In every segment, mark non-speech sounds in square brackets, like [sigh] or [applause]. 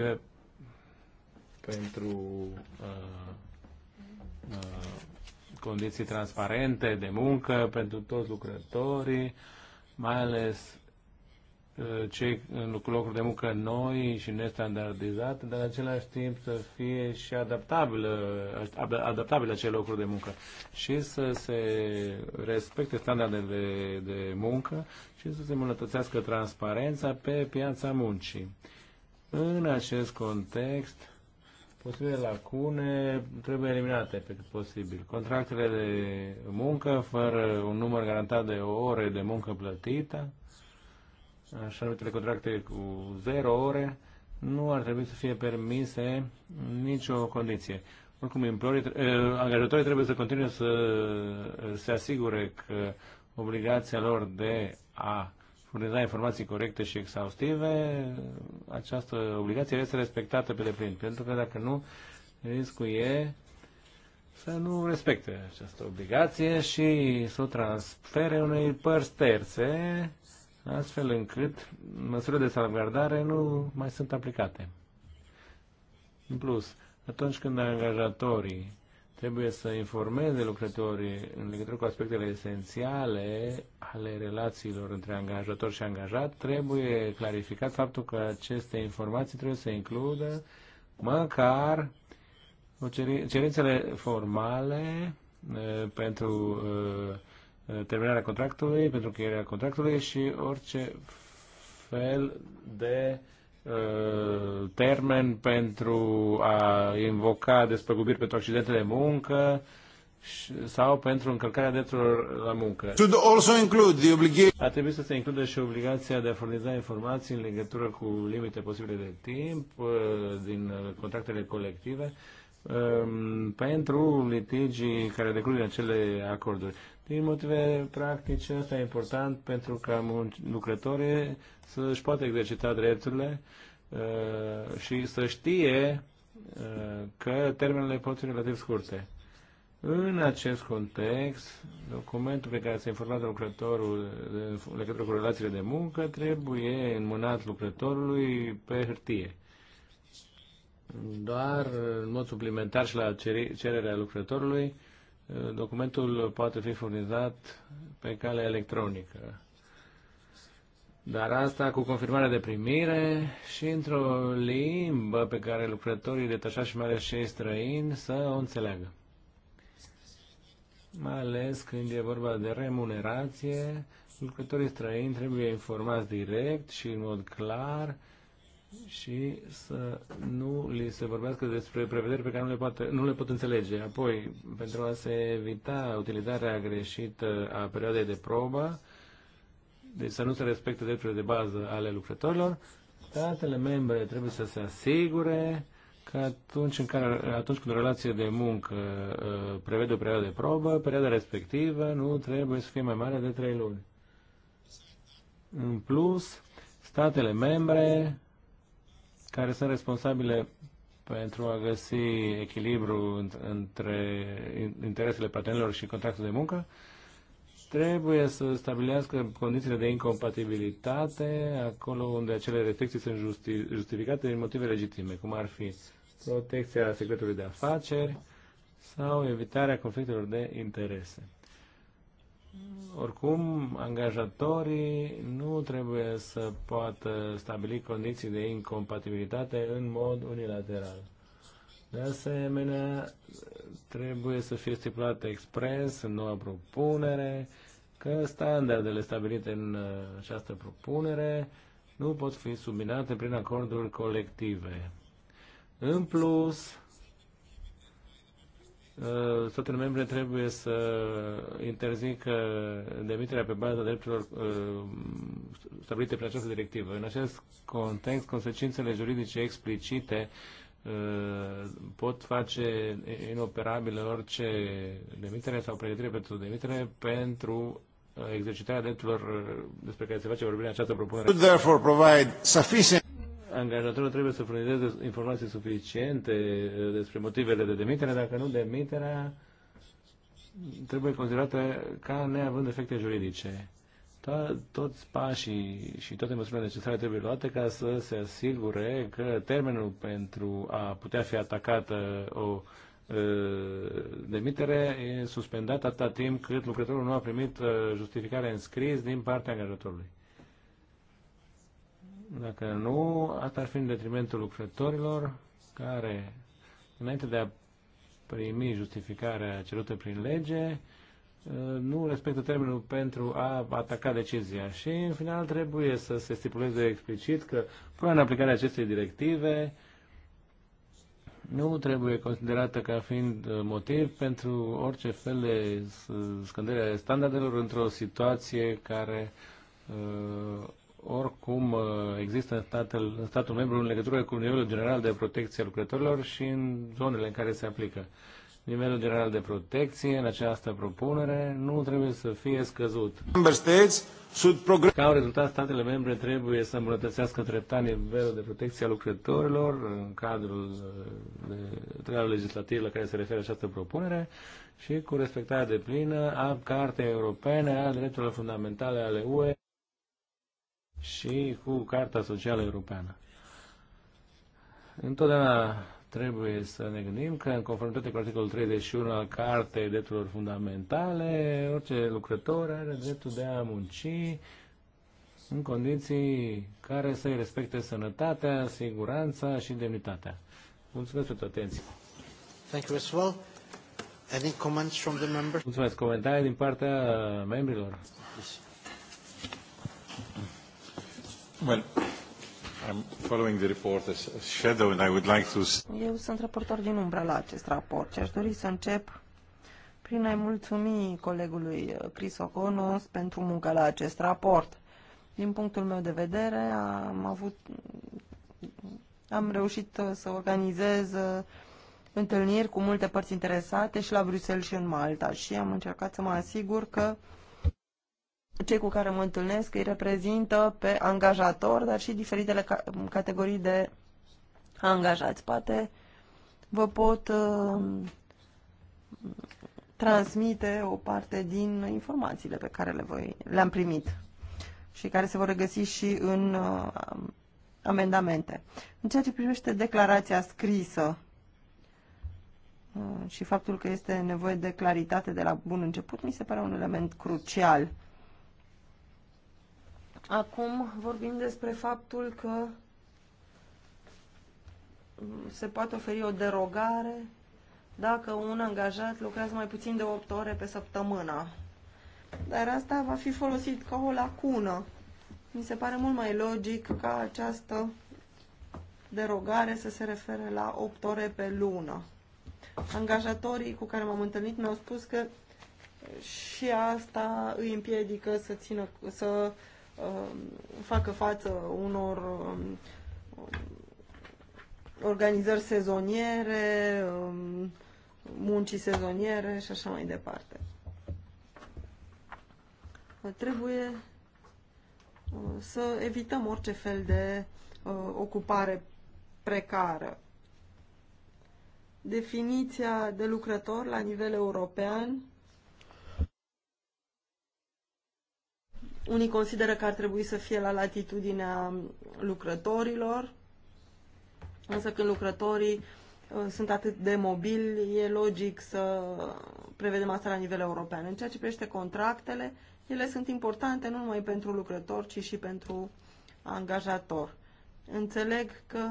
motive pentru uh, uh, condiții transparente de muncă pentru toți lucrătorii, mai ales uh, cei în locuri de muncă noi și nestandardizate, dar în același timp să fie și adaptabilă, adaptabilă acele locuri de muncă și să se respecte standardele de, de muncă și să se îmbunătățească transparența pe piața muncii. În acest context, posibile lacune trebuie eliminate pe cât posibil. Contractele de muncă fără un număr garantat de ore de muncă plătită, așa numitele contracte cu zero ore, nu ar trebui să fie permise nicio condiție. Oricum, employerii, eh, angajatorii trebuie să continue să se asigure că obligația lor de a furniza informații corecte și exhaustive, această obligație este respectată pe deplin, pentru că dacă nu, riscul e să nu respecte această obligație și să o transfere unei părți terțe, astfel încât măsurile de salvgardare nu mai sunt aplicate. În plus, atunci când angajatorii trebuie să informeze lucrătorii în legătură cu aspectele esențiale ale relațiilor între angajator și angajat, trebuie clarificat faptul că aceste informații trebuie să includă măcar cerințele formale eh, pentru eh, terminarea contractului, pentru încheierea contractului și orice fel de uh, Uh, termen pentru a invoca despăgubiri pentru accidente de muncă sau pentru încălcarea drepturilor la muncă. Should also include the obligation... A trebuit să se includă și obligația de a furniza informații în legătură cu limite posibile de timp uh, din uh, contractele colective um, pentru litigii care decurg din acele acorduri. Din motive practice, asta e important pentru ca lucrătorii să își poată exercita drepturile uh, și să știe uh, că termenele pot fi relativ scurte. În acest context, documentul pe care s-a informat lucrătorul legătură cu relațiile de muncă trebuie înmânat lucrătorului pe hârtie. Doar în mod suplimentar și la cererea lucrătorului, documentul poate fi furnizat pe cale electronică. Dar asta cu confirmarea de primire și într-o limbă pe care lucrătorii detașați și mai ales cei străini să o înțeleagă. Mai ales când e vorba de remunerație, lucrătorii străini trebuie informați direct și în mod clar și să nu li se vorbească despre prevederi pe care nu le, poate, nu le pot înțelege. Apoi, pentru a se evita utilizarea greșită a perioadei de probă, deci să nu se respecte drepturile de bază ale lucrătorilor, statele membre trebuie să se asigure că atunci, în care, atunci când o relație de muncă uh, prevede o perioadă de probă, perioada respectivă nu trebuie să fie mai mare de 3 luni. În plus, statele membre care sunt responsabile pentru a găsi echilibru între interesele partenerilor și contractul de muncă, trebuie să stabilească condițiile de incompatibilitate acolo unde acele restricții sunt justi- justificate din motive legitime, cum ar fi protecția secretului de afaceri sau evitarea conflictelor de interese oricum, angajatorii nu trebuie să poată stabili condiții de incompatibilitate în mod unilateral. De asemenea, trebuie să fie stipulate expres în noua propunere că standardele stabilite în uh, această propunere nu pot fi subminate prin acorduri colective. În plus, Uh, statele membre trebuie să interzică demiterea pe baza drepturilor uh, stabilite prin această directivă. În acest context, consecințele juridice explicite uh, pot face inoperabilă orice demitere sau pregătire pentru demitere pentru exercitarea drepturilor despre care se face vorbire în această propunere angajatorul trebuie să furnizeze informații suficiente uh, despre motivele de demitere, dacă nu demiterea trebuie considerată ca neavând efecte juridice. To- toți pașii și toate măsurile necesare trebuie luate ca să se asigure că termenul pentru a putea fi atacată o uh, demitere e suspendat atâta timp cât lucrătorul nu a primit uh, justificare în scris din partea angajatorului. Dacă nu, asta ar fi în detrimentul lucrătorilor care, înainte de a primi justificarea cerută prin lege, nu respectă termenul pentru a ataca decizia și, în final, trebuie să se stipuleze explicit că până în aplicarea acestei directive nu trebuie considerată ca fiind motiv pentru orice fel de scăderea standardelor într-o situație care uh, oricum uh, există în statul, în statul membru în legătură cu nivelul general de protecție a lucrătorilor și în zonele în care se aplică. Nivelul general de protecție în această propunere nu trebuie să fie scăzut. Ca un rezultat, statele membre trebuie să îmbunătățească treptat nivelul de protecție a lucrătorilor în cadrul treabă uh, legislativ la care se referă această propunere și cu respectarea deplină a Cartei Europene a Drepturilor Fundamentale ale UE și cu Carta Socială Europeană. Întotdeauna trebuie să ne gândim că în conformitate cu articolul 31 al Cartei Drepturilor Fundamentale, orice lucrător are dreptul de a munci în condiții care să-i respecte sănătatea, siguranța și demnitatea. Mulțumesc pentru atenție. Thank you as well. Any comments from the members? Mulțumesc. Comentarii din partea membrilor? Yes. Well, I'm following the report as a shadow and I would like to... Eu sunt raportor din umbră la acest raport și aș dori să încep prin a-i mulțumi colegului uh, Chris Oconos pentru munca la acest raport. Din punctul meu de vedere, am avut am reușit uh, să organizez uh, întâlniri cu multe părți interesate și la Bruxelles și în Malta și am încercat să mă asigur că cei cu care mă întâlnesc îi reprezintă pe angajator, dar și diferitele ca categorii de angajați. Poate vă pot uh, transmite o parte din informațiile pe care le voi, le-am primit și care se vor regăsi și în uh, amendamente. În ceea ce privește declarația scrisă uh, și faptul că este nevoie de claritate de la bun început, mi se pare un element crucial Acum vorbim despre faptul că se poate oferi o derogare dacă un angajat lucrează mai puțin de 8 ore pe săptămână. Dar asta va fi folosit ca o lacună. Mi se pare mult mai logic ca această derogare să se refere la 8 ore pe lună. Angajatorii cu care m-am întâlnit mi-au spus că și asta îi împiedică să țină, să uh, Um, facă față unor um, organizări sezoniere, um, muncii sezoniere și așa mai departe. Trebuie uh, să evităm orice fel de uh, ocupare precară. Definiția de lucrător la nivel european Unii consideră că ar trebui să fie la latitudinea lucrătorilor, însă când lucrătorii uh, sunt atât de mobili, e logic să prevedem asta la nivel european. În ceea ce privește contractele, ele sunt importante nu numai pentru lucrător, ci și pentru angajator. Înțeleg că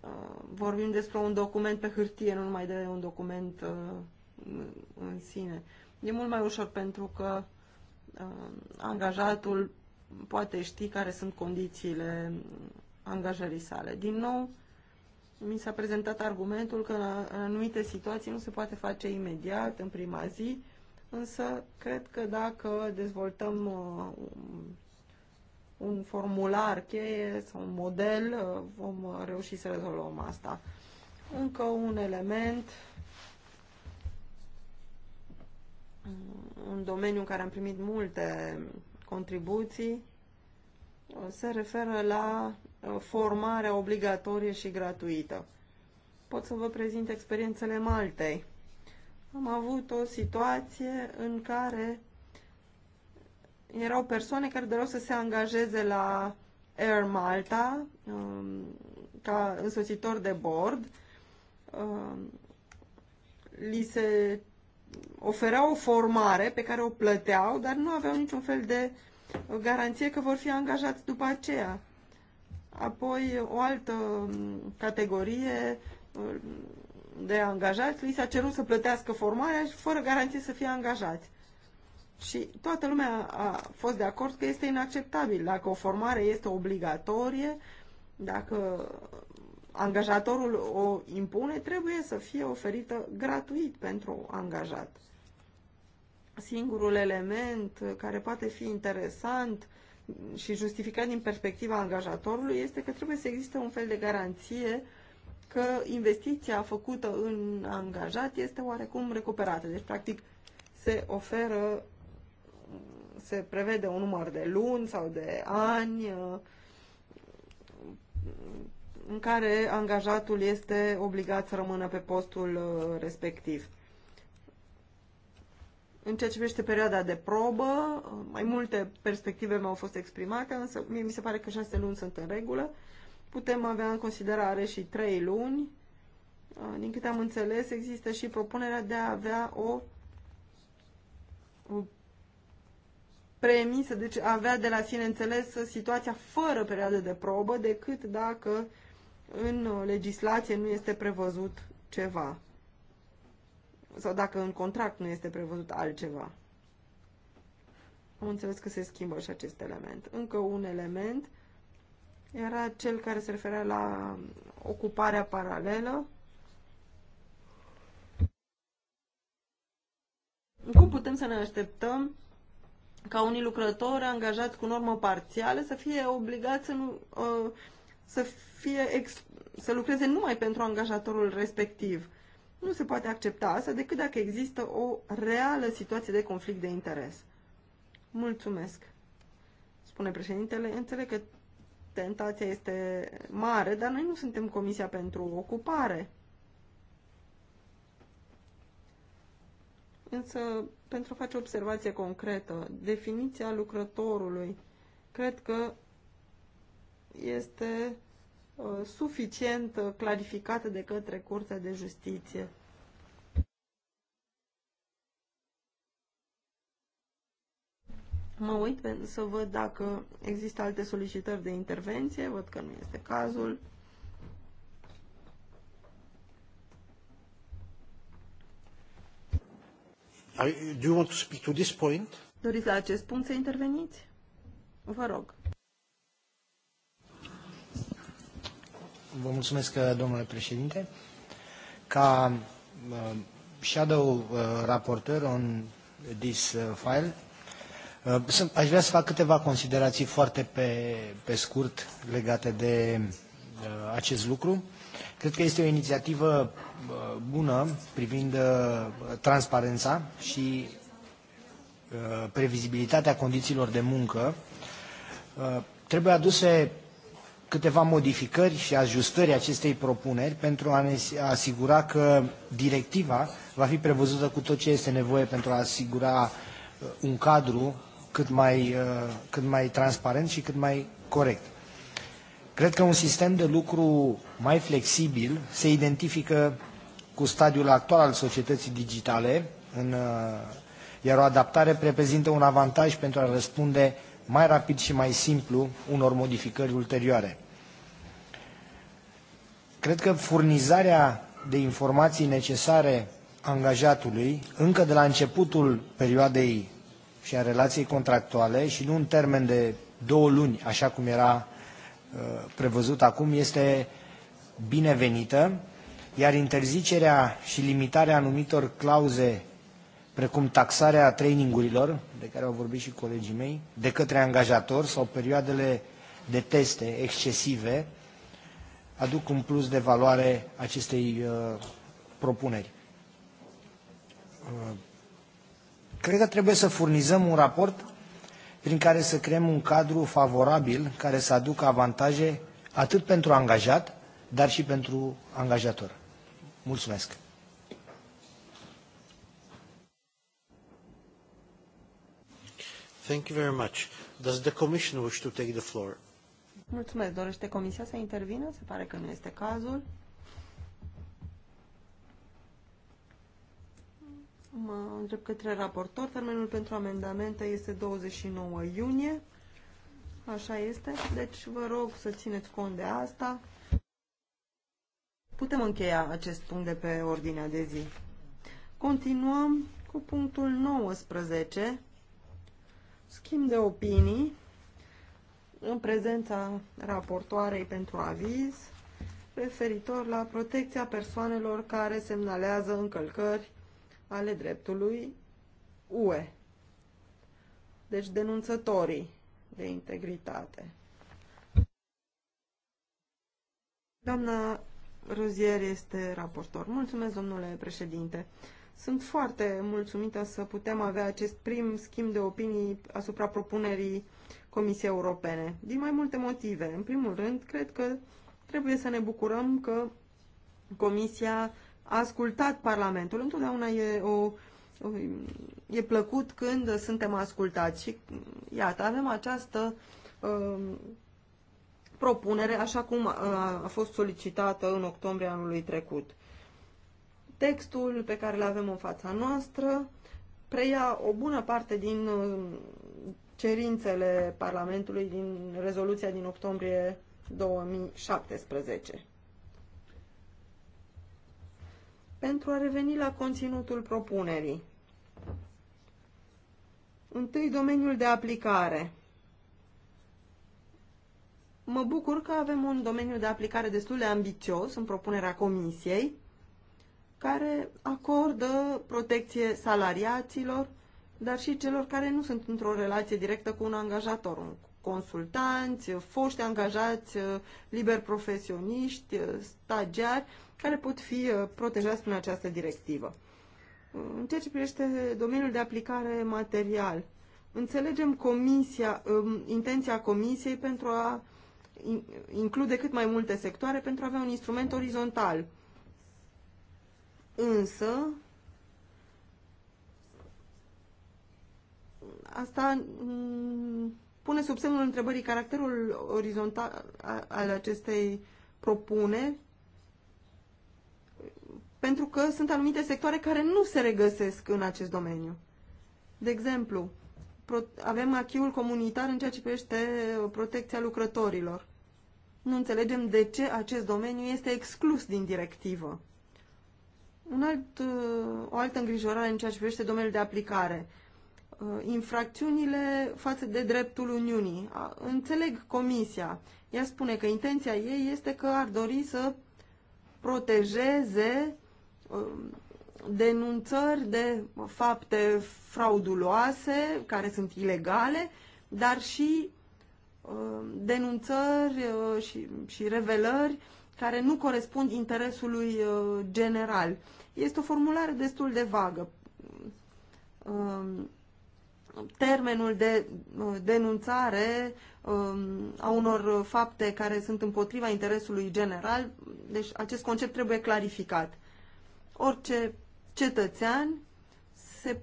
uh, vorbim despre un document pe hârtie, nu numai de un document uh, în sine. E mult mai ușor pentru că Uh, angajatul poate ști care sunt condițiile angajării sale. Din nou, mi s-a prezentat argumentul că în anumite situații nu se poate face imediat, în prima zi, însă cred că dacă dezvoltăm uh, un formular cheie sau un model, uh, vom reuși să rezolvăm asta. Încă un element Mm, un domeniu în care am primit multe contribuții uh, se referă la uh, formarea obligatorie și gratuită. Pot să vă prezint experiențele Maltei. Am avut o situație în care erau persoane care doreau să se angajeze la Air Malta um, ca însoțitor de bord. Um, li se ofereau o formare pe care o plăteau, dar nu aveau niciun fel de garanție că vor fi angajați după aceea. Apoi, o altă mm, categorie mm, de angajați, li s-a cerut să plătească formarea și fără garanție să fie angajați. Și toată lumea a fost de acord că este inacceptabil. Dacă o formare este obligatorie, dacă angajatorul o impune, trebuie să fie oferită gratuit pentru angajat. Singurul element care poate fi interesant și justificat din perspectiva angajatorului este că trebuie să existe un fel de garanție că investiția făcută în angajat este oarecum recuperată. Deci, practic, se oferă, se prevede un număr de luni sau de ani în care angajatul este obligat să rămână pe postul uh, respectiv. În ceea ce privește perioada de probă, uh, mai multe perspective mi-au fost exprimate, însă mie mi se pare că șase luni sunt în regulă. Putem avea în considerare și trei luni. Uh, din câte am înțeles, există și propunerea de a avea o premisă, deci avea de la sine înțeles situația fără perioadă de probă, decât dacă în legislație nu este prevăzut ceva sau dacă în contract nu este prevăzut altceva. Am înțeles că se schimbă și acest element. Încă un element era cel care se referea la ocuparea paralelă. Cum putem să ne așteptăm ca unii lucrători angajați cu normă parțială să fie obligați să nu, uh, să, fie ex, să lucreze numai pentru angajatorul respectiv. Nu se poate accepta asta decât dacă există o reală situație de conflict de interes. Mulțumesc, spune președintele. Înțeleg că tentația este mare, dar noi nu suntem Comisia pentru Ocupare. Însă, pentru a face o observație concretă, definiția lucrătorului, cred că este uh, suficient uh, clarificată de către Curtea de Justiție. Mă uit să văd dacă există alte solicitări de intervenție, văd că nu este cazul. Do you want to speak to this point? Doriți la acest punct să interveniți? Vă rog. Vă mulțumesc, domnule președinte. Ca uh, shadow uh, raporteur on this uh, file, uh, aș vrea să fac câteva considerații foarte pe, pe scurt legate de uh, acest lucru. Cred că este o inițiativă uh, bună privind uh, transparența și uh, previzibilitatea condițiilor de muncă. Trebuie aduse câteva modificări și ajustări acestei propuneri pentru a ne asigura că directiva va fi prevăzută cu tot ce este nevoie pentru a asigura uh, un cadru cât mai, uh, cât mai transparent și cât mai corect. Cred că un sistem de lucru mai flexibil se identifică cu stadiul actual al societății digitale, în, uh, iar o adaptare reprezintă un avantaj pentru a răspunde mai rapid și mai simplu unor modificări ulterioare. Cred că furnizarea de informații necesare angajatului încă de la începutul perioadei și a relației contractuale și nu un termen de două luni, așa cum era uh, prevăzut acum, este binevenită, iar interzicerea și limitarea anumitor clauze precum taxarea trainingurilor, de care au vorbit și colegii mei, de către angajatori sau perioadele de teste excesive, aduc un plus de valoare acestei uh, propuneri. Uh, cred că trebuie să furnizăm un raport prin care să creăm un cadru favorabil care să aducă avantaje atât pentru angajat, dar și pentru angajator. Mulțumesc! Thank you very much. Does the Commission wish to take the floor? Mulțumesc. Dorește Comisia să intervină? Se pare că nu este cazul. Mă întreb către raportor. Termenul pentru amendamente este 29 iunie. Așa este. Deci vă rog să țineți cont de asta. Putem încheia acest punct de pe ordinea de zi. Continuăm cu punctul 19 schimb de opinii în prezența raportoarei pentru aviz referitor la protecția persoanelor care semnalează încălcări ale dreptului UE, deci denunțătorii de integritate. Doamna Rozier este raportor. Mulțumesc, domnule președinte. Sunt foarte mulțumită să putem avea acest prim schimb de opinii asupra propunerii Comisiei Europene, din mai multe motive. În primul rând, cred că trebuie să ne bucurăm că Comisia a ascultat Parlamentul. Întotdeauna e, o, e plăcut când suntem ascultați și iată, avem această uh, propunere așa cum a, uh, a fost solicitată în octombrie anului trecut. Textul pe care îl avem în fața noastră preia o bună parte din uh, cerințele Parlamentului din rezoluția din octombrie 2017. Pentru a reveni la conținutul propunerii. Întâi, domeniul de aplicare. Mă bucur că avem un domeniu de aplicare destul de ambițios în propunerea Comisiei care acordă protecție salariaților, dar și celor care nu sunt într-o relație directă cu un angajator, un consultanți, foști angajați, uh, liber profesioniști, uh, stagiari, care pot fi uh, protejați prin această directivă. În ceea ce privește domeniul de aplicare material, înțelegem comisia, um, intenția comisiei pentru a include cât mai multe sectoare pentru a avea un instrument orizontal însă asta mm, pune sub semnul întrebării caracterul orizontal al acestei propuneri pentru că sunt anumite sectoare care nu se regăsesc în acest domeniu. De exemplu, avem achiul comunitar în ceea ce privește protecția lucrătorilor. Nu înțelegem de ce acest domeniu este exclus din directivă. Un alt, uh, o altă îngrijorare în ceea ce privește domeniul de aplicare. Uh, infracțiunile față de dreptul Uniunii. Înțeleg Comisia. Ea spune că intenția ei este că ar dori să protejeze uh, denunțări de fapte frauduloase care sunt ilegale, dar și denunțări și, și revelări care nu corespund interesului uh, general. Este o formulare destul de vagă. Um, termenul de uh, denunțare um, a unor fapte care sunt împotriva interesului general, deci acest concept trebuie clarificat. Orice cetățean se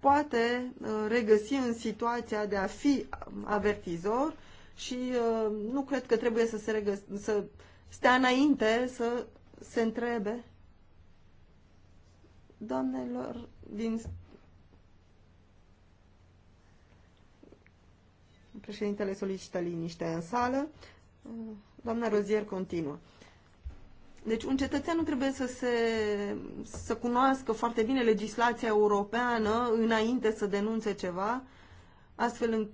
poate uh, regăsi în situația de a fi avertizor și nu cred că trebuie să se, regăsească să stea înainte să se întrebe doamnelor din președintele solicită liniște în sală doamna Rozier continuă deci un cetățean nu trebuie să, se, să cunoască foarte bine legislația europeană înainte să denunțe ceva astfel în,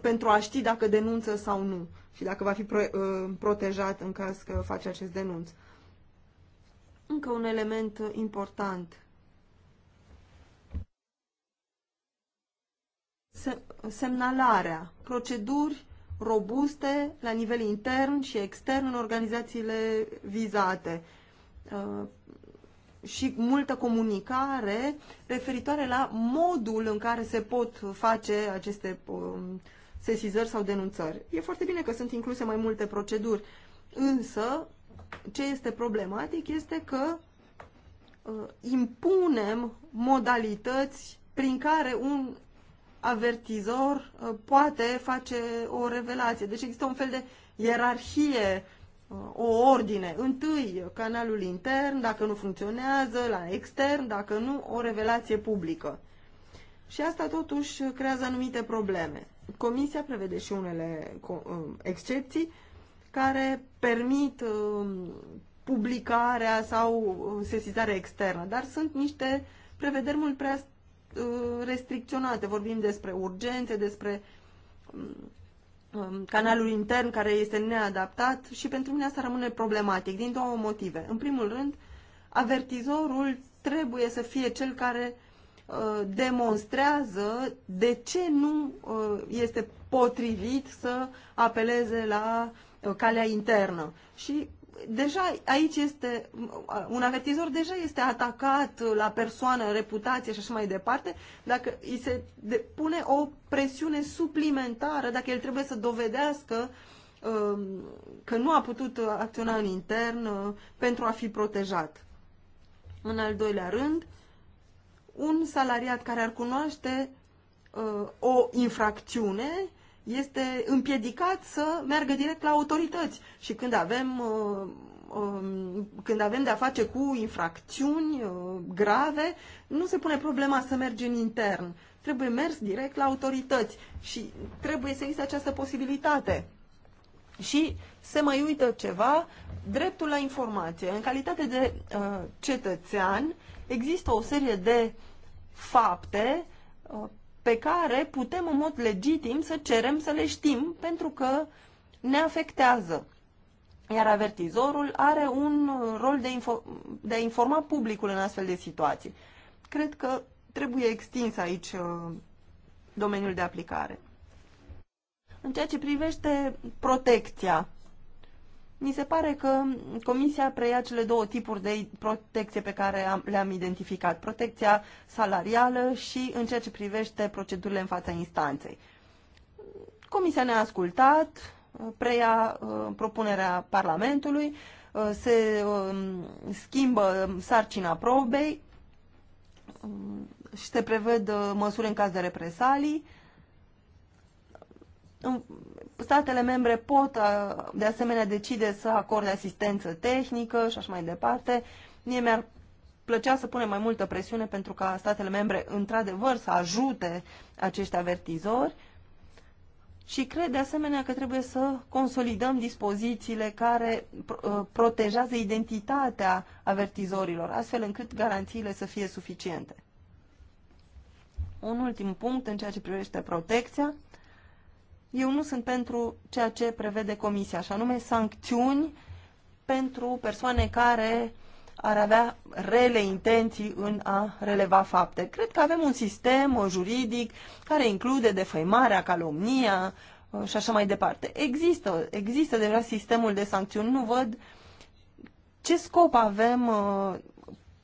pentru a ști dacă denunță sau nu și dacă va fi pro, uh, protejat în caz că face acest denunț. Încă un element important. Semnalarea. Proceduri robuste la nivel intern și extern în organizațiile vizate uh, și multă comunicare referitoare la modul în care se pot face aceste um, sesizări sau denunțări. E foarte bine că sunt incluse mai multe proceduri, însă ce este problematic este că uh, impunem modalități prin care un avertizor uh, poate face o revelație. Deci există un fel de ierarhie Uh, o ordine. Întâi, canalul intern, dacă nu funcționează, la extern, dacă nu, o revelație publică. Și asta totuși creează anumite probleme. Comisia prevede și unele uh, excepții care permit uh, publicarea sau sesizarea externă, dar sunt niște prevederi mult prea restricționate. Vorbim despre urgențe, despre mm, Um, canalul intern care este neadaptat și pentru mine asta rămâne problematic din două motive. În primul rând, avertizorul trebuie să fie cel care uh, demonstrează de ce nu uh, este potrivit să apeleze la uh, calea internă. Și deja aici este, un avertizor deja este atacat la persoană, reputație și așa mai departe, dacă îi se pune o presiune suplimentară, dacă el trebuie să dovedească um, că nu a putut acționa în intern uh, pentru a fi protejat. În al doilea rând, un salariat care ar cunoaște uh, o infracțiune este împiedicat să meargă direct la autorități. Și când avem, uh, um, când avem de-a face cu infracțiuni uh, grave, nu se pune problema să mergi în intern. Trebuie mers direct la autorități și trebuie să existe această posibilitate. Și se mai uită ceva, dreptul la informație. În calitate de uh, cetățean există o serie de fapte pe care putem în mod legitim să cerem să le știm pentru că ne afectează. Iar avertizorul are un rol de, info- de a informa publicul în astfel de situații. Cred că trebuie extins aici uh, domeniul de aplicare. În ceea ce privește protecția, mi se pare că Comisia preia cele două tipuri de protecție pe care am, le-am identificat, protecția salarială și în ceea ce privește procedurile în fața instanței. Comisia ne-a ascultat, preia uh, propunerea Parlamentului, uh, se uh, schimbă sarcina probei și um, se prevăd uh, măsuri în caz de represalii statele membre pot uh, de asemenea decide să acorde asistență tehnică și așa mai departe. Mie mi-ar plăcea să punem mai multă presiune pentru ca statele membre într-adevăr să ajute acești avertizori și cred de asemenea că trebuie să consolidăm dispozițiile care uh, protejează identitatea avertizorilor, astfel încât garanțiile să fie suficiente. Un ultim punct în ceea ce privește protecția eu nu sunt pentru ceea ce prevede Comisia, și anume sancțiuni pentru persoane care ar avea rele intenții în a releva fapte. Cred că avem un sistem juridic care include defăimarea, calomnia uh, și așa mai departe. Există, există deja sistemul de sancțiuni. Nu văd ce scop avem uh,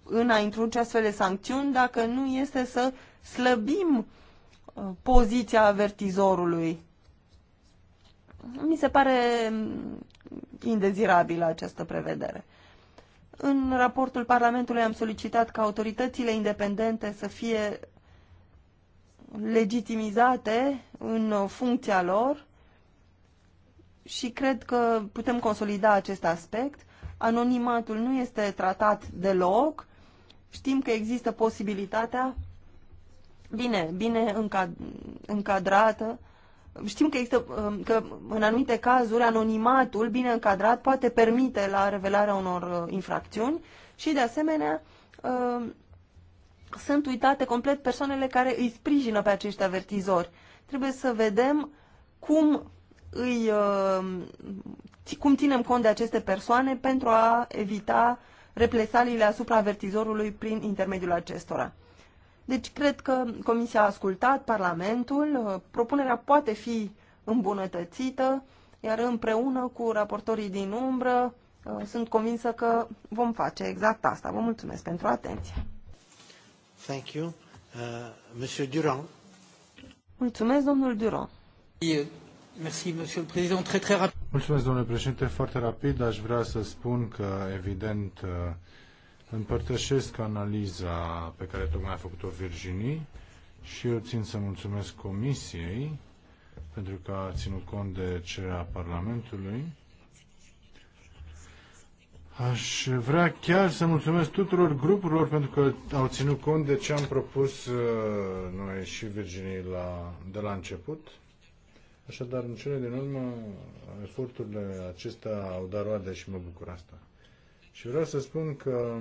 în a introduce astfel de sancțiuni dacă nu este să slăbim uh, poziția avertizorului mi se pare indezirabilă această prevedere. În raportul Parlamentului am solicitat ca autoritățile independente să fie legitimizate în funcția lor și cred că putem consolida acest aspect. Anonimatul nu este tratat deloc. Știm că există posibilitatea bine, bine încadrată Știm că, există, um, că în anumite cazuri anonimatul bine încadrat poate permite la revelarea unor uh, infracțiuni și de asemenea um, sunt uitate complet persoanele care îi sprijină pe acești avertizori. Trebuie să vedem cum îi, um, cum ținem cont de aceste persoane pentru a evita represaliile asupra avertizorului prin intermediul acestora. Deci cred că Comisia a ascultat Parlamentul, uh, propunerea poate fi îmbunătățită, iar împreună cu raportorii din umbră uh, sunt convinsă că vom face exact asta. Vă mulțumesc pentru atenție. Thank you. Uh, Monsieur Durand. Mulțumesc, domnul Durand. Euh, merci, Monsieur le Président. Très, très Mulțumesc, domnule președinte. Foarte rapid aș vrea să spun că, evident, uh, Împărtășesc analiza pe care tocmai a făcut-o Virginie și eu țin să mulțumesc Comisiei pentru că a ținut cont de cererea Parlamentului. Aș vrea chiar să mulțumesc tuturor grupurilor pentru că au ținut cont de ce am propus uh, noi și Virginie la, de la început. Așadar, în cele din urmă, eforturile acestea au dat roade și mă bucur asta. Și vreau să spun că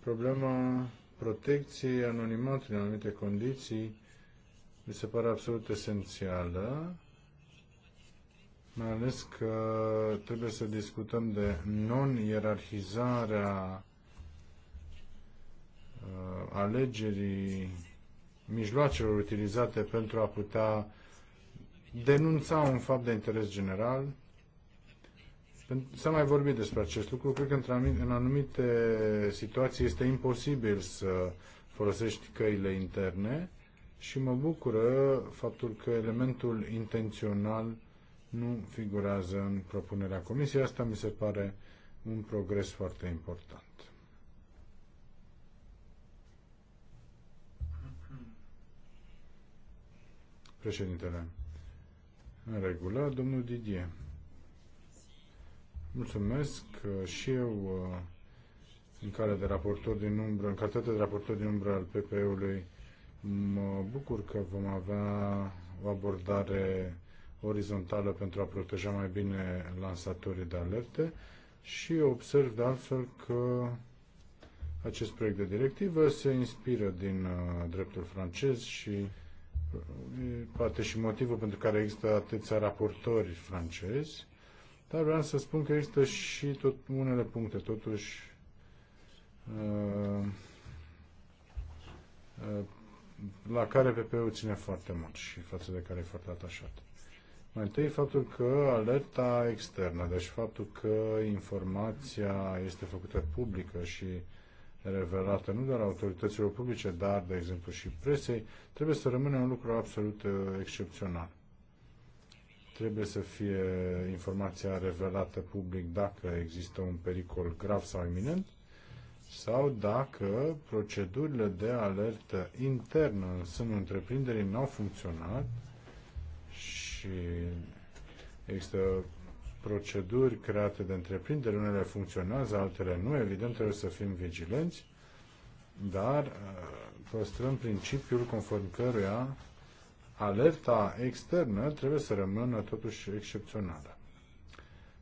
problema protecției anonimatului în anumite condiții mi se pare absolut esențială, mai ales că trebuie să discutăm de non-ierarhizarea uh, alegerii mijloacelor utilizate pentru a putea denunța un fapt de interes general S-a mai vorbit despre acest lucru. Cred că în anumite situații este imposibil să folosești căile interne și mă bucură faptul că elementul intențional nu figurează în propunerea comisiei. Asta mi se pare un progres foarte important. Președintele, în regulă, domnul Didier. Mulțumesc uh, și eu uh, în care de raportor din umbră, în calitate de raportor din umbră al PPE-ului, mă bucur că vom avea o abordare orizontală pentru a proteja mai bine lansatorii de alerte și observ de altfel că acest proiect de directivă se inspiră din uh, dreptul francez și poate și motivul pentru care există atâția raportori francezi dar vreau să spun că există și tot unele puncte, totuși, uh, uh, la care PP-ul ține foarte mult și față de care e foarte atașat. Mai întâi, faptul că alerta externă, deci faptul că informația este făcută publică și revelată nu doar autorităților publice, dar, de exemplu, și presei, trebuie să rămână un lucru absolut uh, excepțional trebuie să fie informația revelată public dacă există un pericol grav sau iminent sau dacă procedurile de alertă internă în sânul întreprinderii nu au funcționat și există proceduri create de întreprinderi, unele funcționează, altele nu, evident trebuie să fim vigilenți, dar uh, păstrăm principiul conform căruia alerta externă trebuie să rămână totuși excepțională.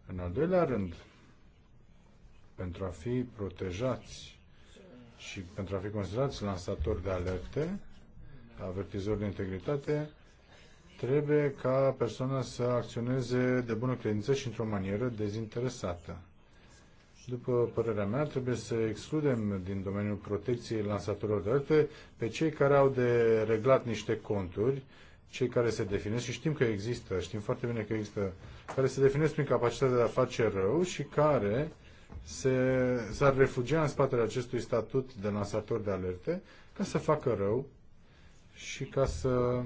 În al doilea rând, pentru a fi protejați și pentru a fi considerați lansatori de alerte, avertizori de integritate, trebuie ca persoana să acționeze de bună credință și într-o manieră dezinteresată. După părerea mea, trebuie să excludem din domeniul protecției lansatorilor de alerte pe cei care au de reglat niște conturi, cei care se definesc și știm că există, știm foarte bine că există, care se definesc prin capacitatea de a face rău și care se, s-ar refugia în spatele acestui statut de lansator de alerte ca să facă rău și ca să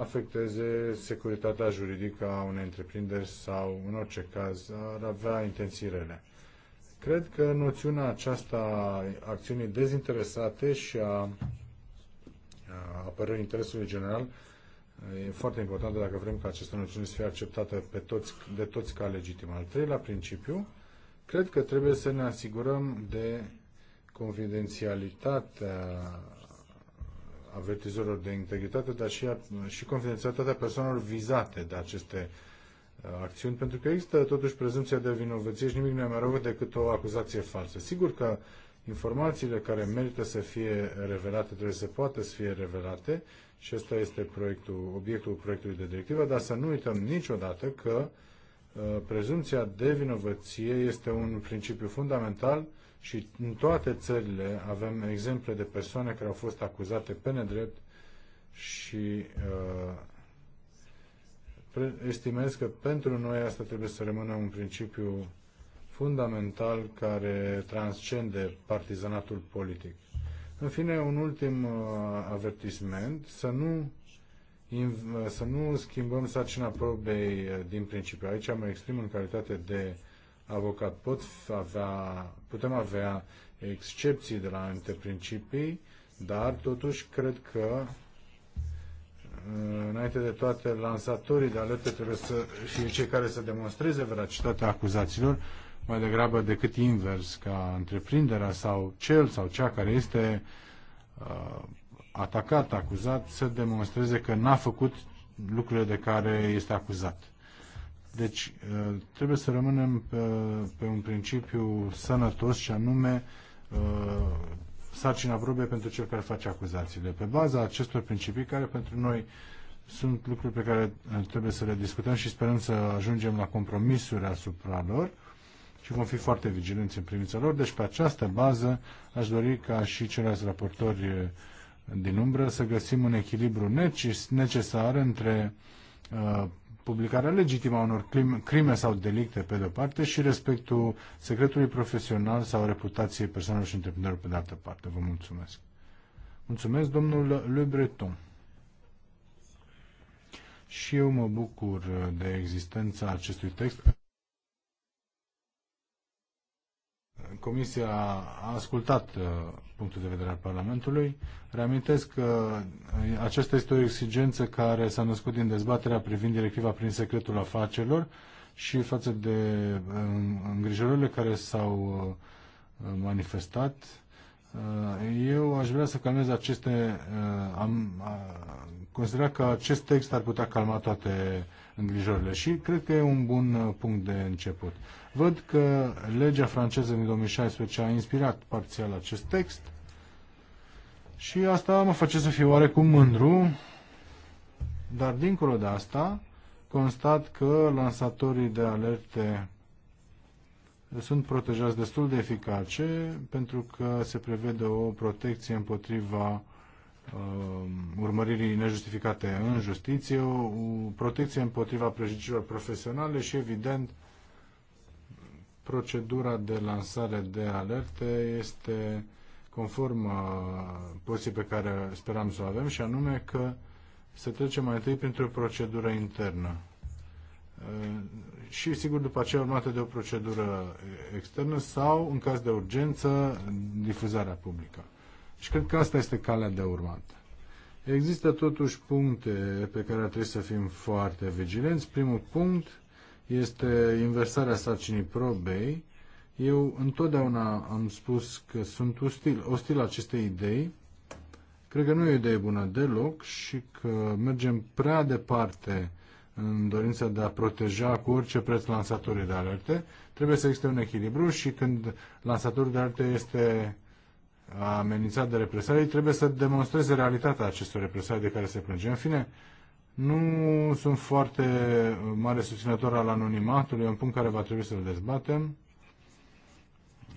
afecteze securitatea juridică a unei întreprinderi sau, în orice caz, ar avea intenții rele. Cred că noțiunea aceasta a acțiunii dezinteresate și a apărării interesului general e foarte importantă dacă vrem ca această noțiune să fie acceptată pe toți, de toți ca legitimă. Al treilea principiu, cred că trebuie să ne asigurăm de confidențialitatea avertizorilor de integritate, dar și, și confidențialitatea persoanelor vizate de aceste uh, acțiuni, pentru că există totuși prezumția de vinovăție și nimic nu e mai rău decât o acuzație falsă. Sigur că informațiile care merită să fie revelate trebuie să poată să fie revelate și ăsta este proiectul, obiectul proiectului de directivă, dar să nu uităm niciodată că uh, prezumția de vinovăție este un principiu fundamental și în toate țările avem exemple de persoane care au fost acuzate pe nedrept și uh, estimez că pentru noi asta trebuie să rămână un principiu fundamental care transcende partizanatul politic. În fine, un ultim uh, avertisment, să nu, să nu schimbăm sarcina probei uh, din principiu. Aici mă exprim în calitate de uh, avocat. Pot avea, putem avea excepții de la anumite principii, dar totuși cred că uh, înainte de toate, lansatorii de alerte trebuie să fie cei care să demonstreze veracitatea acuzațiilor, mai degrabă decât invers, ca întreprinderea sau cel sau cea care este uh, atacat, acuzat, să demonstreze că n-a făcut lucrurile de care este acuzat. Deci uh, trebuie să rămânem pe, pe un principiu sănătos și anume uh, sarcina vorbe pentru cel care face acuzațiile. Pe baza acestor principii care pentru noi sunt lucruri pe care uh, trebuie să le discutăm și sperăm să ajungem la compromisuri asupra lor și vom fi foarte vigilenți în privința lor. Deci pe această bază aș dori ca și ceilalți raportori din umbră să găsim un echilibru necesar între publicarea legitimă a unor crime sau delicte pe de-o parte și respectul secretului profesional sau reputației persoanelor și întreprinderilor pe de altă parte. Vă mulțumesc. Mulțumesc, domnul Le Breton. Și eu mă bucur de existența acestui text. Comisia a ascultat uh, punctul de vedere al Parlamentului. Reamintesc că uh, aceasta este o exigență care s-a născut din dezbaterea privind directiva prin secretul afacerilor și față de uh, îngrijorările care s-au manifestat Uh, eu aș vrea să calmez aceste... Uh, am uh, considerat că acest text ar putea calma toate îngrijorile și cred că e un bun punct de început. Văd că legea franceză din 2016 a inspirat parțial acest text și asta mă face să fiu oarecum mândru, dar dincolo de asta constat că lansatorii de alerte sunt protejați destul de eficace pentru că se prevede o protecție împotriva uh, urmăririi nejustificate în justiție, o protecție împotriva prejudiciilor profesionale și, evident, procedura de lansare de alerte este conform uh, poziției pe care speram să o avem și anume că se trece mai întâi printr-o procedură internă și sigur după aceea urmată de o procedură externă sau, în caz de urgență, difuzarea publică. Și cred că asta este calea de urmat. Există totuși puncte pe care ar trebui să fim foarte vigilenți. Primul punct este inversarea sarcinii probei. Eu întotdeauna am spus că sunt ostil, ostil acestei idei. Cred că nu e o idee bună deloc și că mergem prea departe în dorința de a proteja cu orice preț lansatorii de alerte. Trebuie să existe un echilibru și când lansatorul de alerte este amenințat de represalii, trebuie să demonstreze realitatea acestor represalii de care se plânge. În fine, nu sunt foarte mare susținător al anonimatului, un punct care va trebui să-l dezbatem.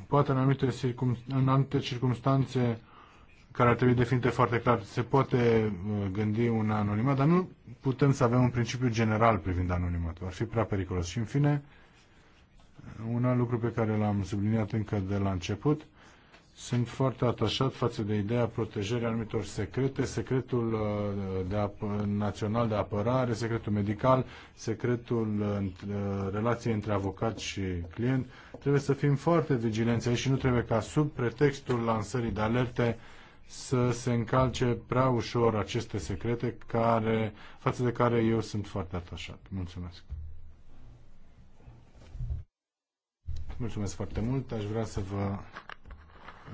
Poate în anumite, circum, în anumite circunstanțe care ar trebui definite foarte clar. Se poate uh, gândi un anonimat, dar nu putem să avem un principiu general privind anonimatul. Ar fi prea periculos. Și în fine, un alt lucru pe care l-am subliniat încă de la început, sunt foarte atașat față de ideea protejării anumitor secrete, secretul uh, de ap- național de apărare, secretul medical, secretul uh, relației între avocat și client. Trebuie să fim foarte vigilenți aici și nu trebuie ca sub pretextul lansării de alerte să se încalce prea ușor aceste secrete care, față de care eu sunt foarte atașat. Mulțumesc! Mulțumesc foarte mult! Aș vrea să vă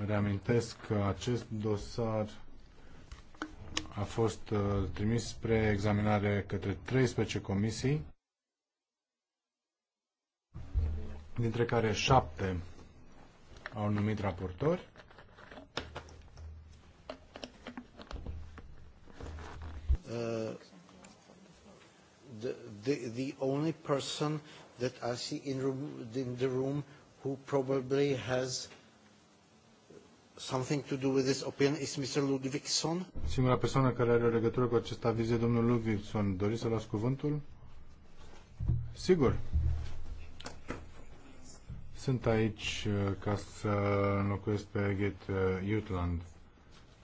reamintesc că acest dosar a fost uh, trimis spre examinare către 13 comisii, dintre care 7 au numit raportori Uh, the, the, only person that I see in, room, in the room who probably has something to do with this opinion is Mr. Ludvigson. Singura persoană care are o legătură cu acest aviz e domnul Ludvigson. Doriți să luați cuvântul? Sigur. Sunt aici uh, ca să înlocuiesc pe Ghet uh, Jutland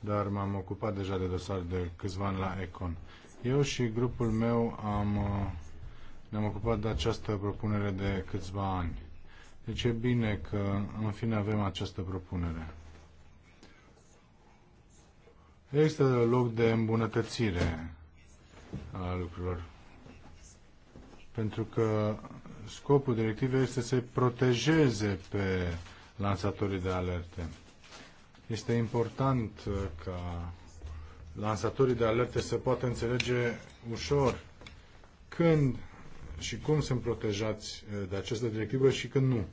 dar m-am ocupat deja de dosar de câțiva ani la Econ. Eu și grupul meu am, uh, ne-am ocupat de această propunere de câțiva ani. Deci e bine că în fine avem această propunere. Există loc de îmbunătățire a lucrurilor. Pentru că scopul directivei este să se protejeze pe lansatorii de alerte. Este important uh, ca lansatorii de alerte să poată înțelege ușor când și cum sunt protejați uh, de această directivă și când nu.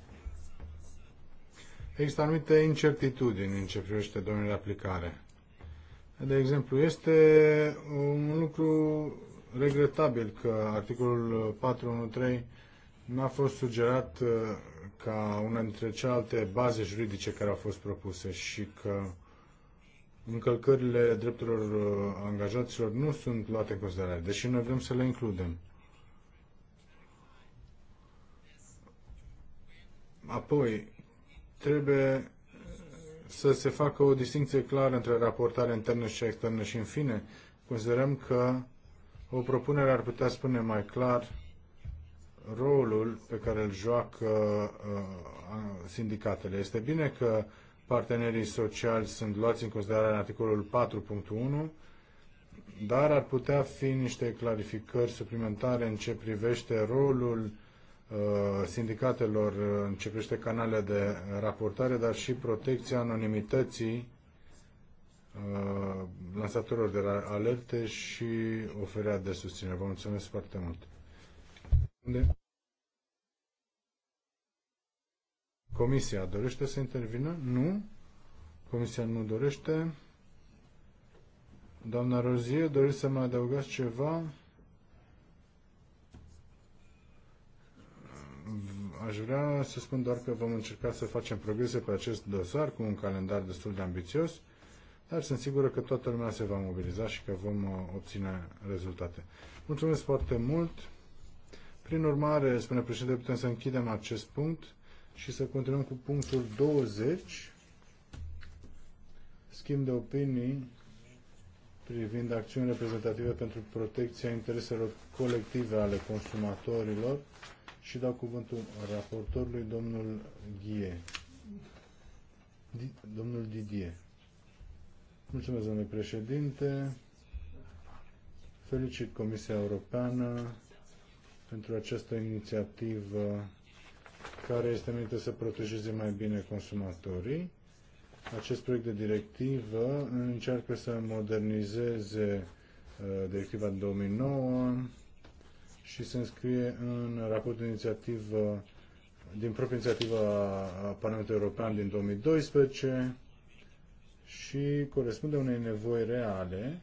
Există anumite incertitudini în ce privește domeniul de aplicare. De exemplu, este un lucru regretabil că articolul 413 n-a fost sugerat uh, ca una dintre celelalte baze juridice care au fost propuse și că încălcările drepturilor uh, angajaților nu sunt luate în considerare, deși noi vrem să le includem. Apoi, trebuie să se facă o distinție clară între raportarea internă și externă și, în fine, considerăm că o propunere ar putea spune mai clar rolul pe care îl joacă uh, sindicatele. Este bine că partenerii sociali sunt luați în considerare în articolul 4.1, dar ar putea fi niște clarificări suplimentare în ce privește rolul uh, sindicatelor, uh, în ce privește canalele de raportare, dar și protecția anonimității lansatorilor de alerte și oferirea de susținere. Vă mulțumesc foarte mult! unde Comisia dorește să intervină? Nu. Comisia nu dorește. Doamna Rozie, doriți să mai adăugați ceva? Aș vrea să spun doar că vom încerca să facem progrese pe acest dosar cu un calendar destul de ambițios, dar sunt sigură că toată lumea se va mobiliza și că vom obține rezultate. Mulțumesc foarte mult! Prin urmare, spune președinte, putem să închidem acest punct și să continuăm cu punctul 20, schimb de opinii privind acțiuni reprezentative pentru protecția intereselor colective ale consumatorilor și dau cuvântul raportorului domnul Ghie. domnul Didier. Mulțumesc, domnule președinte. Felicit Comisia Europeană pentru această inițiativă care este menită să protejeze mai bine consumatorii. Acest proiect de directivă încearcă să modernizeze uh, directiva 2009 și se înscrie în de inițiativă din propria inițiativă a Parlamentului European din 2012 și corespunde unei nevoi reale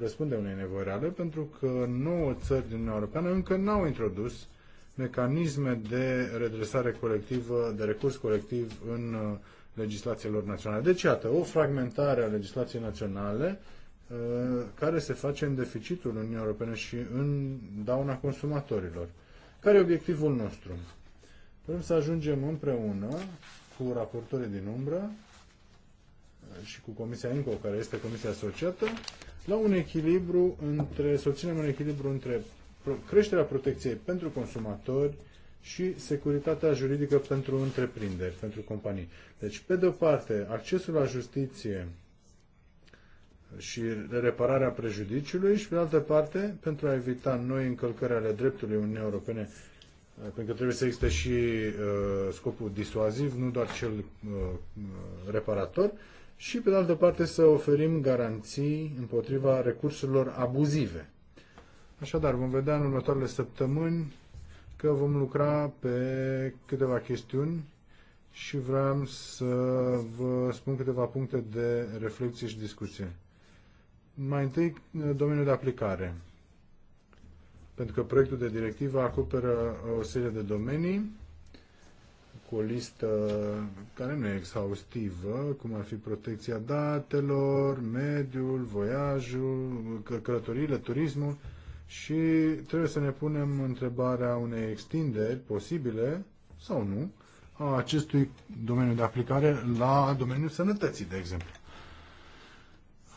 răspunde unei nevoi reale, pentru că nouă țări din Uniunea Europeană încă n-au introdus mecanisme de redresare colectivă, de recurs colectiv în uh, legislațiilor naționale. Deci, iată, o fragmentare a legislației naționale uh, care se face în deficitul Uniunii Europene și în dauna consumatorilor. Care e obiectivul nostru? Vrem să ajungem împreună cu raportorii din umbră uh, și cu Comisia INCO, care este Comisia Asociată, la un echilibru între, să obținem un echilibru între creșterea protecției pentru consumatori și securitatea juridică pentru întreprinderi, pentru companii. Deci, pe de-o parte, accesul la justiție și repararea prejudiciului și, pe de altă parte, pentru a evita noi încălcări ale dreptului Uniunii Europene, pentru că trebuie să existe și uh, scopul disuaziv, nu doar cel uh, uh reparator, și, pe de altă parte, să oferim garanții împotriva recursurilor abuzive. Așadar, vom vedea în următoarele săptămâni că vom lucra pe câteva chestiuni și vreau să vă spun câteva puncte de reflexie și discuție. Mai întâi, domeniul de aplicare. Pentru că proiectul de directivă acoperă o serie de domenii cu o listă care nu e exhaustivă, cum ar fi protecția datelor, mediul, voiajul, călătorile, turismul și trebuie să ne punem întrebarea unei extinderi posibile sau nu a acestui domeniu de aplicare la domeniul sănătății, de exemplu.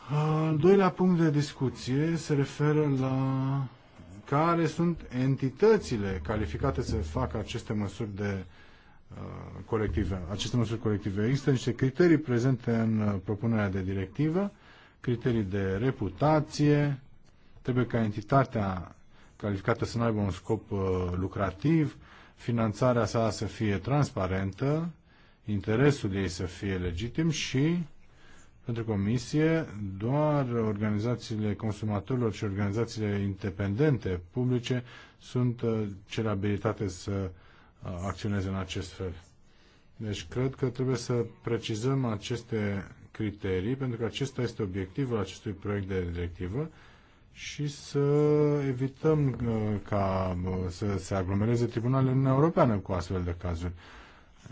Al doilea punct de discuție se referă la care sunt entitățile calificate să facă aceste măsuri de Uh, colective, aceste măsuri colective. Există niște criterii prezente în uh, propunerea de directivă, criterii de reputație, trebuie ca entitatea calificată să nu aibă un scop uh, lucrativ, finanțarea sa să fie transparentă, interesul ei să fie legitim și pentru comisie doar organizațiile consumatorilor și organizațiile independente publice sunt cele abilitate să acționeze în acest fel. Deci cred că trebuie să precizăm aceste criterii, pentru că acesta este obiectivul acestui proiect de directivă și să evităm uh, ca uh, să se aglomereze tribunalele Uniunea Europeană cu astfel de cazuri.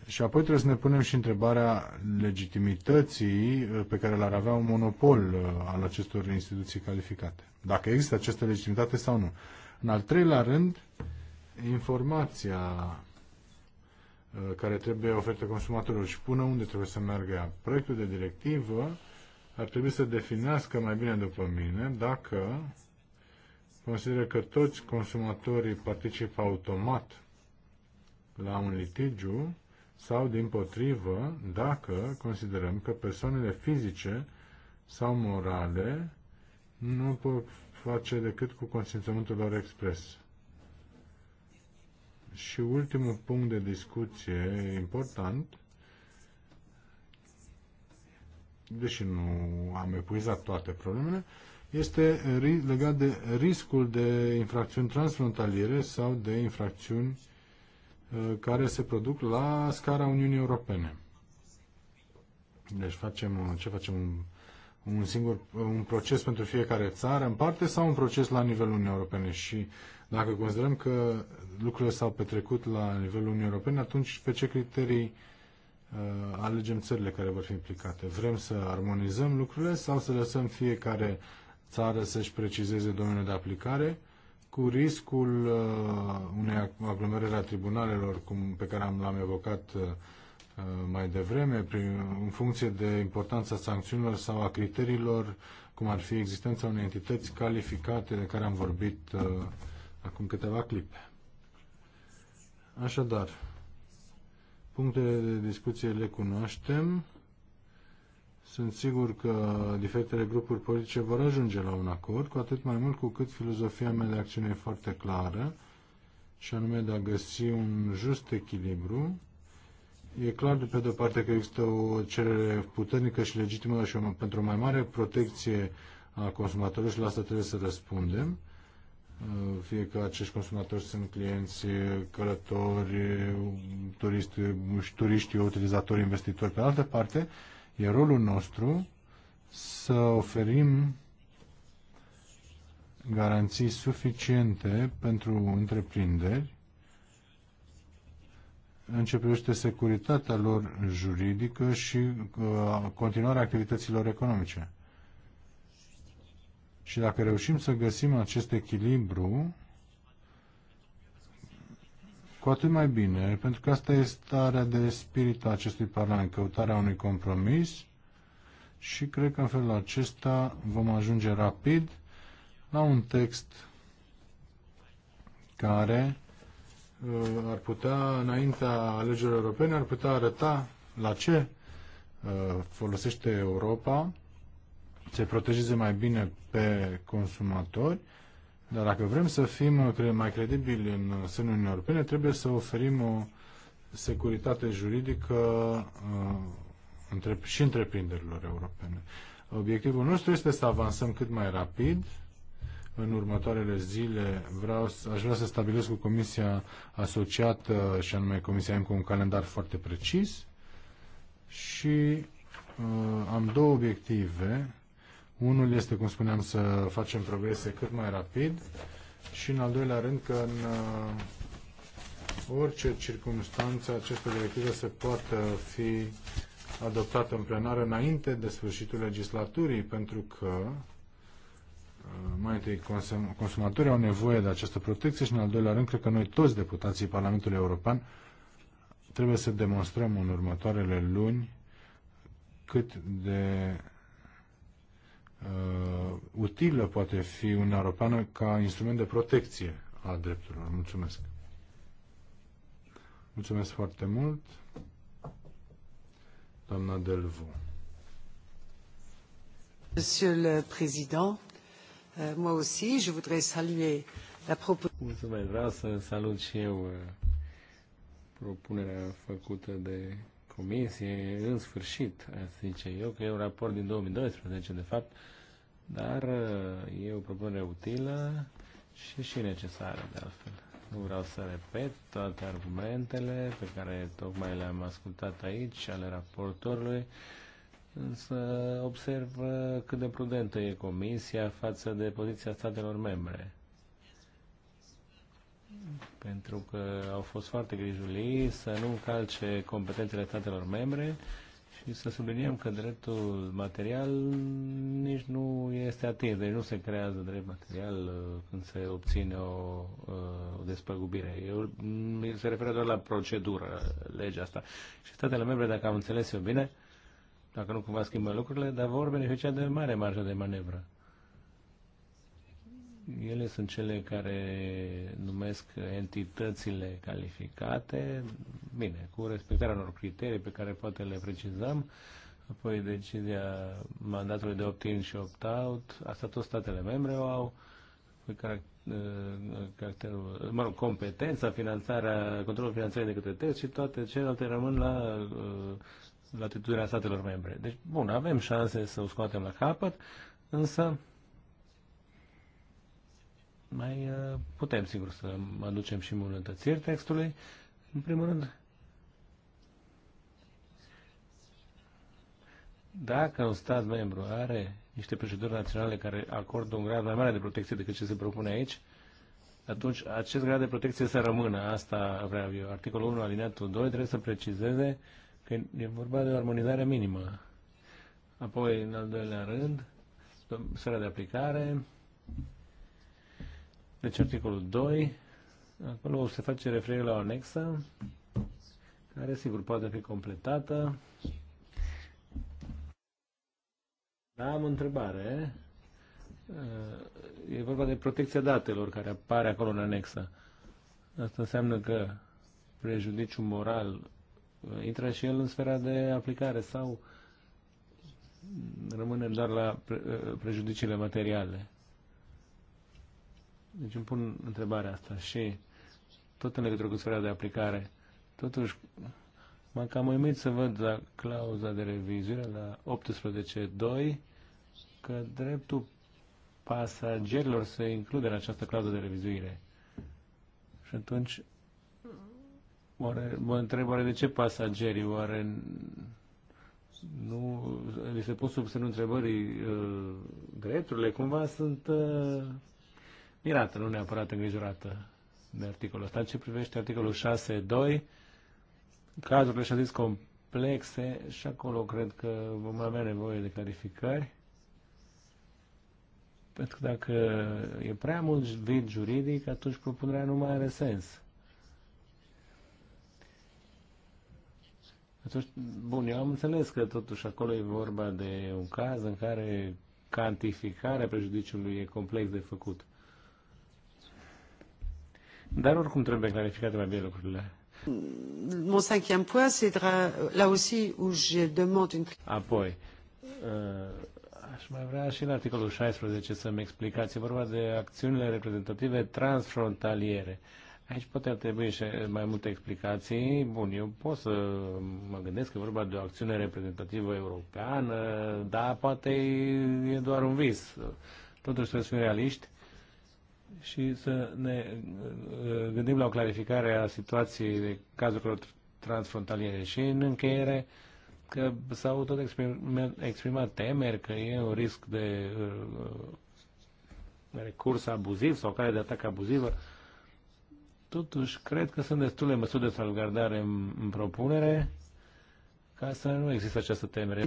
Și apoi trebuie să ne punem și întrebarea legitimității uh, pe care l-ar avea un monopol al acestor instituții calificate. Dacă există această legitimitate sau nu. În al treilea rând, informația Uh, care trebuie oferită consumatorilor și până unde trebuie să meargă ea. Proiectul de directivă ar trebui să definească mai bine după mine dacă consideră că toți consumatorii participă automat la un litigiu sau, din potrivă, dacă considerăm că persoanele fizice sau morale nu pot face decât cu consimțământul lor expres. Și ultimul punct de discuție important, deși nu am epuizat toate problemele, este legat de riscul de infracțiuni transfrontaliere sau de infracțiuni uh, care se produc la scara Uniunii Europene. Deci facem, ce facem? Un, un singur un proces pentru fiecare țară în parte sau un proces la nivelul Uniunii Europene și dacă considerăm că lucrurile s-au petrecut la nivelul Uniunii Europene, atunci pe ce criterii uh, alegem țările care vor fi implicate? Vrem să armonizăm lucrurile sau să lăsăm fiecare țară să-și precizeze domeniul de aplicare cu riscul uh, unei aglomerări a tribunalelor cum, pe care am l-am evocat uh, uh mai devreme, prin, în funcție de importanța sancțiunilor sau a criteriilor, cum ar fi existența unei entități calificate de care am vorbit uh, acum câteva clipe. Așadar, punctele de discuție le cunoaștem. Sunt sigur că diferitele grupuri politice vor ajunge la un acord, cu atât mai mult cu cât filozofia mea de acțiune e foarte clară, și anume de a găsi un just echilibru. E clar, de pe de-o parte, că există o cerere puternică și legitimă și o, pentru o mai mare protecție a consumatorilor și la asta trebuie să răspundem fie că acești consumatori sunt clienți, călători, turiști, turiști utilizatori, investitori. Pe altă parte, e rolul nostru să oferim garanții suficiente pentru întreprinderi în ce privește securitatea lor juridică și uh, continuarea activităților economice. Și dacă reușim să găsim acest echilibru, cu atât mai bine, pentru că asta este starea de spirit a acestui Parlament, căutarea unui compromis și cred că în felul acesta vom ajunge rapid la un text care uh, ar putea, înaintea alegerilor europene, ar putea arăta la ce uh, folosește Europa se protejeze mai bine pe consumatori, dar dacă vrem să fim mai credibili în sânul Uniunii Europene, trebuie să oferim o securitate juridică uh, și întreprinderilor europene. Obiectivul nostru este să avansăm cât mai rapid. În următoarele zile vreau, aș vrea să stabilesc cu Comisia asociată, și anume Comisia cu un calendar foarte precis și uh, am două obiective unul este, cum spuneam, să facem progrese cât mai rapid și, în al doilea rând, că în uh, orice circunstanță această directivă se poate fi adoptată în plenară înainte de sfârșitul legislaturii, pentru că uh, mai întâi consum consumatorii au nevoie de această protecție și în al doilea rând cred că noi toți deputații Parlamentului European trebuie să demonstrăm în următoarele luni cât de uh, utilă poate fi Uniunea Europeană ca instrument de protecție a drepturilor. Mulțumesc! Mulțumesc foarte mult, doamna Delvo. Monsieur le Président, euh, moi aussi, je voudrais saluer la proposition. Mulțumesc, vreau să salut și eu uh, propunerea făcută de comisie, în sfârșit, să zice eu, că e un raport din 2012, de fapt, dar uh, e o propunere utilă și și necesară, de altfel. Nu vreau să repet toate argumentele pe care tocmai le-am ascultat aici, ale raportorului, însă observ uh, cât de prudentă e Comisia față de poziția statelor membre pentru că au fost foarte grijulii să nu încalce competențele statelor membre și să subliniem că dreptul material nici nu este atins, deci nu se creează drept material uh, când se obține o, uh, o despăgubire. Eu, mm, se referă doar la procedură, legea asta. Și statele membre, dacă am înțeles eu bine, dacă nu cumva schimbă lucrurile, dar vor beneficia de mare marjă de manevră ele sunt cele care numesc entitățile calificate, bine, cu respectarea unor criterii pe care poate le precizăm, apoi decizia mandatului de opt-in și opt-out, asta tot statele membre o au, pe care uh, caracterul, mă rog, competența, finanțarea, controlul finanțării de către test și toate celelalte rămân la uh, latitudinea statelor membre. Deci, bun, avem șanse să o scoatem la capăt, însă mai uh, putem, sigur, să aducem și îmbunătățiri textului. În primul rând, dacă un stat membru are niște proceduri naționale care acordă un grad mai mare de protecție decât ce se propune aici, atunci acest grad de protecție să rămână. Asta vreau eu. Articolul 1, alineatul 2, trebuie să precizeze că e vorba de o armonizare minimă. Apoi, în al doilea rând, sfera de aplicare, deci articolul 2, acolo se face referire la o anexă, care sigur poate fi completată. Da, am o întrebare. Uh, e vorba de protecția datelor care apare acolo în anexă. Asta înseamnă că prejudiciul moral uh, intră și el în sfera de aplicare sau rămânem doar la uh, prejudiciile materiale? Deci îmi pun întrebarea asta și tot în legătură cu sfera de aplicare. Totuși, m-am cam uimit să văd la clauza de revizuire, la 18.2, că dreptul pasagerilor se include în această clauză de revizuire. Și atunci, oare, mă întreb, oare de ce pasagerii, oare nu, li se pot sub semnul întrebării uh, drepturile, cumva sunt uh, mirată, nu neapărat îngrijorată de articolul ăsta. Ce privește articolul 6.2, cazurile și-a zis complexe și acolo cred că vom avea nevoie de clarificări. Pentru că dacă e prea mult vid juridic, atunci propunerea nu mai are sens. Atunci, bun, eu am înțeles că totuși acolo e vorba de un caz în care cantificarea prejudiciului e complex de făcut. Dar oricum trebuie clarificate mai bine lucrurile. Mon cinquième point, c'est là aussi où je demande une... Apoi, uh, aș mai vrea și în articolul 16 să-mi explicați. E vorba de acțiunile reprezentative transfrontaliere. Aici poate ar trebui și mai multe explicații. Bun, eu pot să mă gândesc că e vorba de o acțiune reprezentativă europeană, dar poate e doar un vis. Totuși trebuie să fim realiști și să ne uh, gândim la o clarificare a situației de cazurilor transfrontaliere. Și în încheiere, că s-au tot exprimat, exprimat temeri că e un risc de uh, recurs abuziv sau care de atac abuzivă. Totuși, cred că sunt destule măsuri de salvgardare în, în propunere ca să nu există această temere.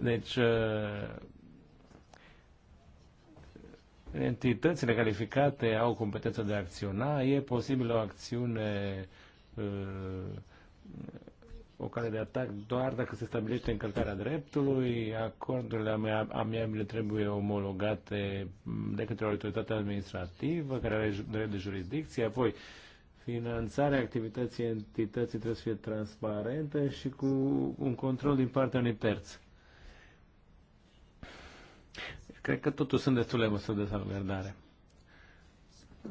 Deci, uh, entitățile calificate au competența de a acționa, e posibil o acțiune, uh, o cale de atac doar dacă se stabilește încălcarea dreptului, acordurile amiabile trebuie omologate de către autoritatea administrativă care are drept de jurisdicție, apoi finanțarea activității entității trebuie să fie transparentă și cu un control din partea unui terț cred că totuși sunt destule măsuri de salvgardare.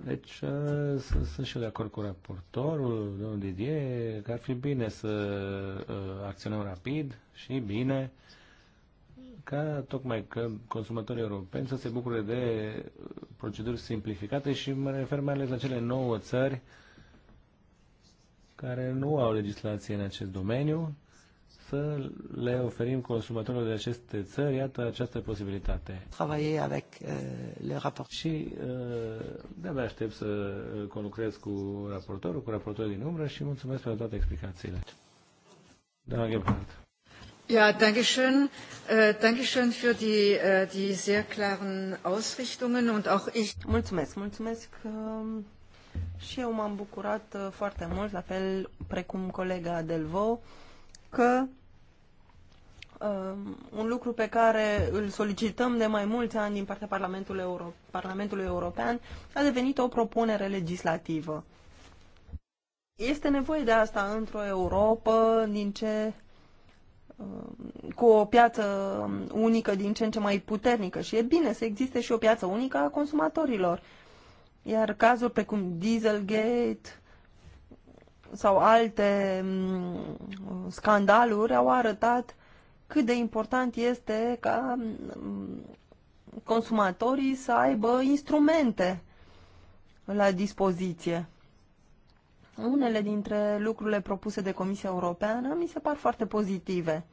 Deci ă, sunt, sunt și eu de acord cu raportorul, domnul Didier, că ar fi bine să ă, acționăm rapid și bine ca tocmai că consumatorii europeni să se bucure de proceduri simplificate și mă refer mai ales la cele nouă țări care nu au legislație în acest domeniu să le oferim consumatorilor de aceste țări, iată, această posibilitate. Travailler avec uh, le raport. Și uh, de-abia aștept să uh, conlucrez cu raportorul, cu raportorul din umbră și mulțumesc pentru toate explicațiile. Doamna Gebhardt. Ja, danke schön. Uh, danke schön für die, uh, die sehr klaren Ausrichtungen und auch ich. Mulțumesc, mulțumesc. Uh, și eu m-am bucurat uh, foarte mult, la fel precum colega Delvo, că Um, un lucru pe care îl solicităm de mai mulți ani din partea Parlamentului, Euro- Parlamentului European, a devenit o propunere legislativă. Este nevoie de asta într-o Europa din ce um, cu o piață um, unică din ce în ce mai puternică și e bine să existe și o piață unică a consumatorilor. Iar cazuri precum Dieselgate sau alte scandaluri au arătat cât de important este ca mm, consumatorii să aibă instrumente la dispoziție. Unele dintre lucrurile propuse de Comisia Europeană mi se par foarte pozitive.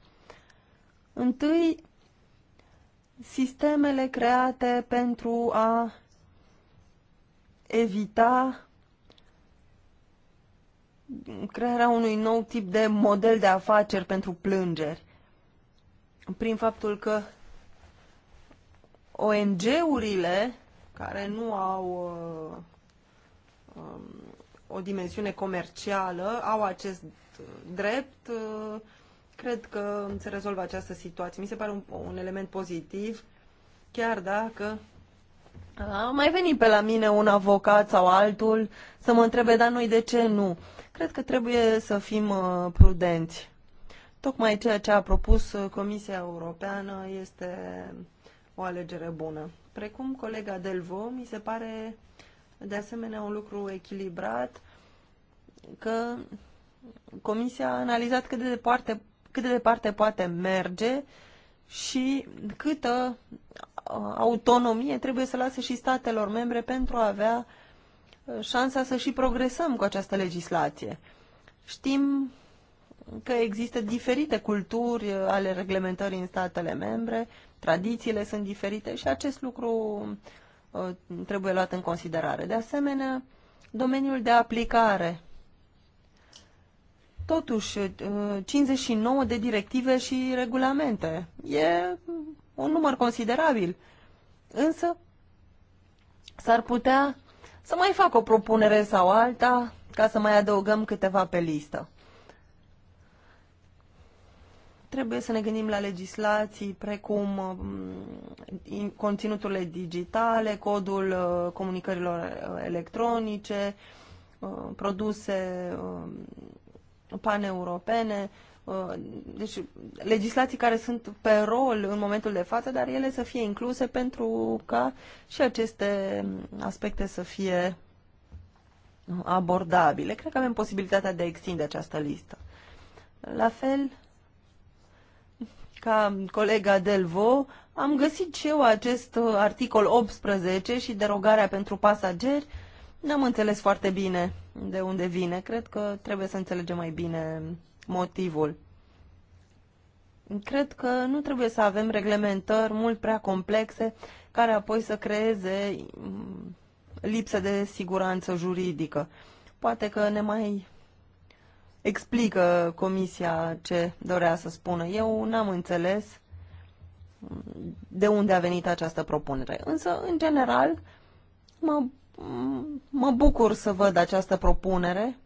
Întâi, sistemele create pentru a evita crearea unui nou tip de model de afaceri pentru plângeri prin faptul că ONG-urile care nu au uh, um, o dimensiune comercială au acest drept, uh, cred că se rezolvă această situație. Mi se pare un, un element pozitiv, chiar dacă uh, a mai venit pe la mine un avocat sau altul să mă întrebe, dar noi de ce nu? Cred că trebuie să fim uh, prudenți. Tocmai ceea ce a propus uh, Comisia Europeană este o alegere bună. Precum colega Delvo, mi se pare de asemenea un lucru echilibrat că Comisia a analizat cât de departe, cât de departe poate merge și câtă uh, autonomie trebuie să lase și statelor membre pentru a avea uh, șansa să și progresăm cu această legislație. Știm că există diferite culturi uh, ale reglementării în statele membre, tradițiile sunt diferite și acest lucru uh, trebuie luat în considerare. De asemenea, domeniul de aplicare. Totuși, 59 uh, de directive și regulamente. E un număr considerabil. Însă, s-ar putea să mai fac o propunere sau alta ca să mai adăugăm câteva pe listă. Trebuie să ne gândim la legislații precum um, conținuturile digitale, codul uh, comunicărilor uh, electronice, uh, produse um, paneuropene, deci legislații care sunt pe rol în momentul de față, dar ele să fie incluse pentru ca și aceste um, aspecte să fie abordabile. Cred că avem posibilitatea de a extinde această listă. La fel, ca colega Delvo, am găsit și eu acest uh, articol 18 și derogarea pentru pasageri. N-am înțeles foarte bine de unde vine. Cred că trebuie să înțelegem mai bine motivul. Cred că nu trebuie să avem reglementări mult prea complexe care apoi să creeze mm, lipsă de siguranță juridică. Poate că ne mai explică comisia ce dorea să spună. Eu n-am înțeles de unde a venit această propunere. Însă, în general, mă, mă bucur să văd această propunere.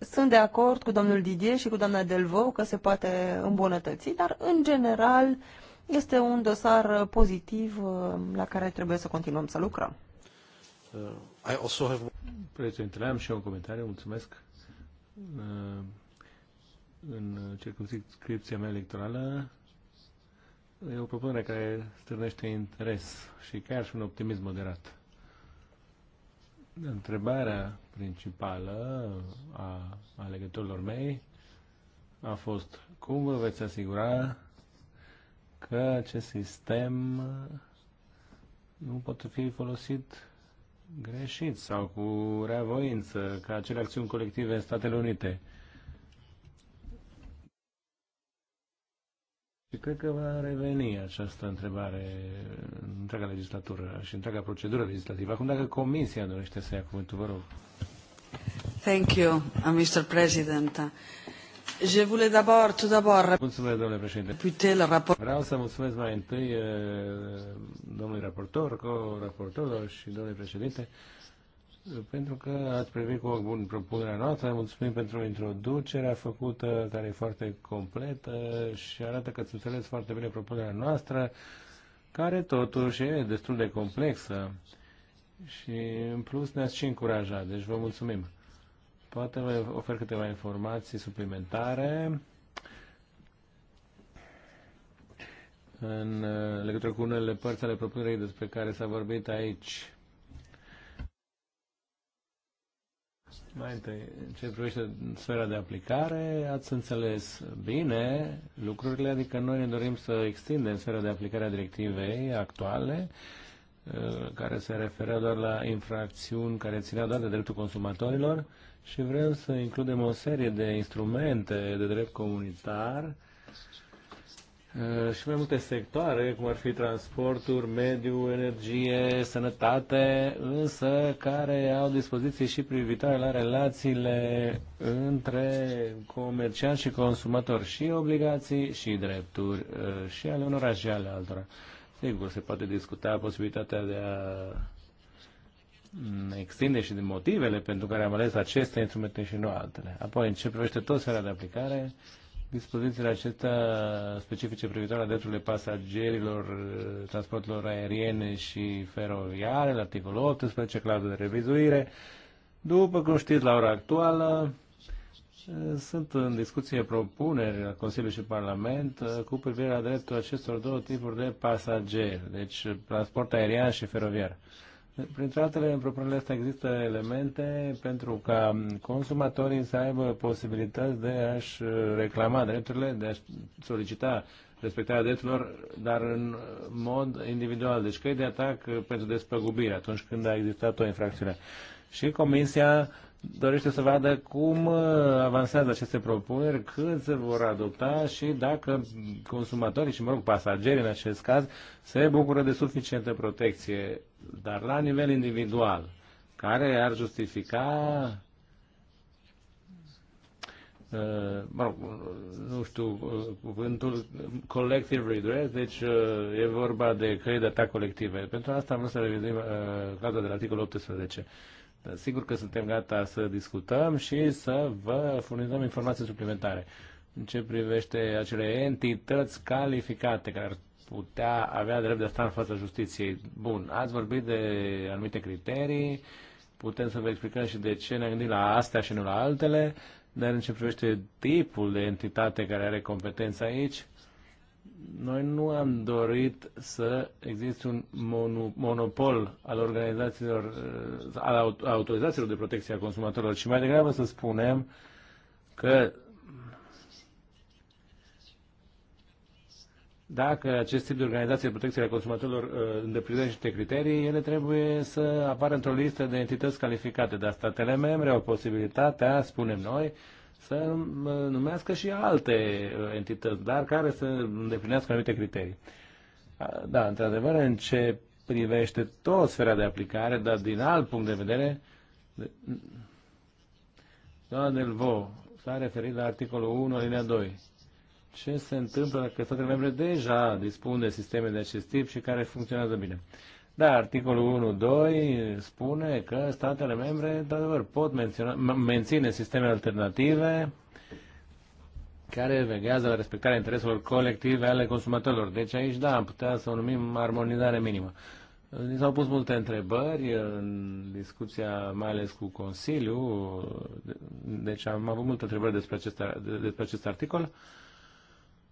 Sunt de acord cu domnul Didier și cu doamna Delvaux că se poate îmbunătăți, dar, în general, este un dosar pozitiv la care trebuie să continuăm să lucrăm. Uh. I also have... Președintele, am și eu un comentariu, mulțumesc. În circunscripția mea electorală e o propunere care stârnește interes și chiar și un optimism moderat. Întrebarea principală a alegătorilor mei a fost cum vă veți asigura că acest sistem nu poate fi folosit greșit sau cu reavoință ca acele acțiuni colective în Statele Unite. Și cred că va reveni această întrebare în întreaga legislatură și întreaga procedură legislativă. Acum, dacă Comisia dorește să ia cuvântul, vă rog. Thank you, uh, Mr. President. Je voulais d'abord, tout d'abord, Mulțumesc, domnule președinte. raport. Vreau să mulțumesc mai întâi domnului raportor, co-raportor și domnului președinte, pentru că ați privit cu o bună propunerea noastră. Mulțumim pentru introducerea făcută, care e foarte completă și arată că ați înțeles foarte bine propunerea noastră, care totuși e destul de complexă. Și în plus ne-ați și încurajat, deci vă mulțumim. Poate vă ofer câteva informații suplimentare. în uh, legătură cu unele părți ale propunerii despre care s-a vorbit aici. Mai întâi, ce privește sfera de aplicare, ați înțeles bine lucrurile, adică noi ne dorim să extindem sfera de aplicare a directivei actuale, uh, care se referea doar la infracțiuni care țineau doar de dreptul consumatorilor, și vrem să includem o serie de instrumente de drept comunitar uh, și mai multe sectoare, cum ar fi transporturi, mediu, energie, sănătate, însă care au dispoziții și privitoare la relațiile între comercianți și consumator, și obligații și drepturi, uh, și ale unora și ale altora. Sigur, se poate discuta posibilitatea de a extinde și de motivele pentru care am ales aceste instrumente și nu altele. Apoi, în ce privește tot sfera de aplicare, dispozițiile acestea specifice privitoare la drepturile pasagerilor, transporturilor aeriene și feroviare, la articolul 18, clauză de revizuire. După cum știți, la ora actuală, sunt în discuție propuneri la Consiliul și Parlament uh, cu privire la dreptul acestor două tipuri de pasageri, deci transport aerian și feroviar. Printre altele, în propunerile astea există elemente pentru ca consumatorii să aibă posibilități de a-și uh, reclama drepturile, de a-și solicita respectarea drepturilor, dar în mod individual, deci căi de atac pentru despăgubire atunci când a existat o infracțiune. Și Comisia dorește să vadă cum uh, avansează aceste propuneri, cât se vor adopta și dacă consumatorii și, mă rog, pasagerii în acest caz se bucură de suficientă protecție dar la nivel individual, care ar justifica uh, mă rog, nu știu uh, cuvântul, collective redress, deci uh, e vorba de căi de atac colective. Pentru asta am vrut să revizuim uh, clauza de la articolul 18. Dar sigur că suntem gata să discutăm și să vă furnizăm informații suplimentare în ce privește acele entități calificate care ar putea avea drept de a sta în fața justiției. Bun, ați vorbit de anumite criterii, putem să vă explicăm și de ce ne-am gândit la astea și nu la altele, dar în ce privește tipul de entitate care are competența aici, noi nu am dorit să existe un monopol al organizațiilor, al autorizațiilor de protecție a consumatorilor, ci mai degrabă să spunem că Dacă acest tip de organizație de protecție a consumatorilor uh, îndeplinește niște criterii, ele trebuie să apară într-o listă de entități calificate, dar statele membre au posibilitatea, spunem noi, să uh, numească și alte uh, entități, dar care să îndeplinească anumite criterii. Da, într-adevăr, în ce privește tot sfera de aplicare, dar din alt punct de vedere, doamna Delvo s-a referit la articolul 1, linia 2 ce se întâmplă că statele membre deja dispun de sisteme de acest tip și care funcționează bine. Da, articolul 1.2 spune că statele membre, într-adevăr, pot menționa, menține sisteme alternative care veghează la respectarea intereselor colective ale consumatorilor. Deci aici, da, am putea să o numim armonizare minimă. Ni s-au pus multe întrebări în discuția, mai ales cu Consiliul, deci am avut multe întrebări despre acest, despre acest articol.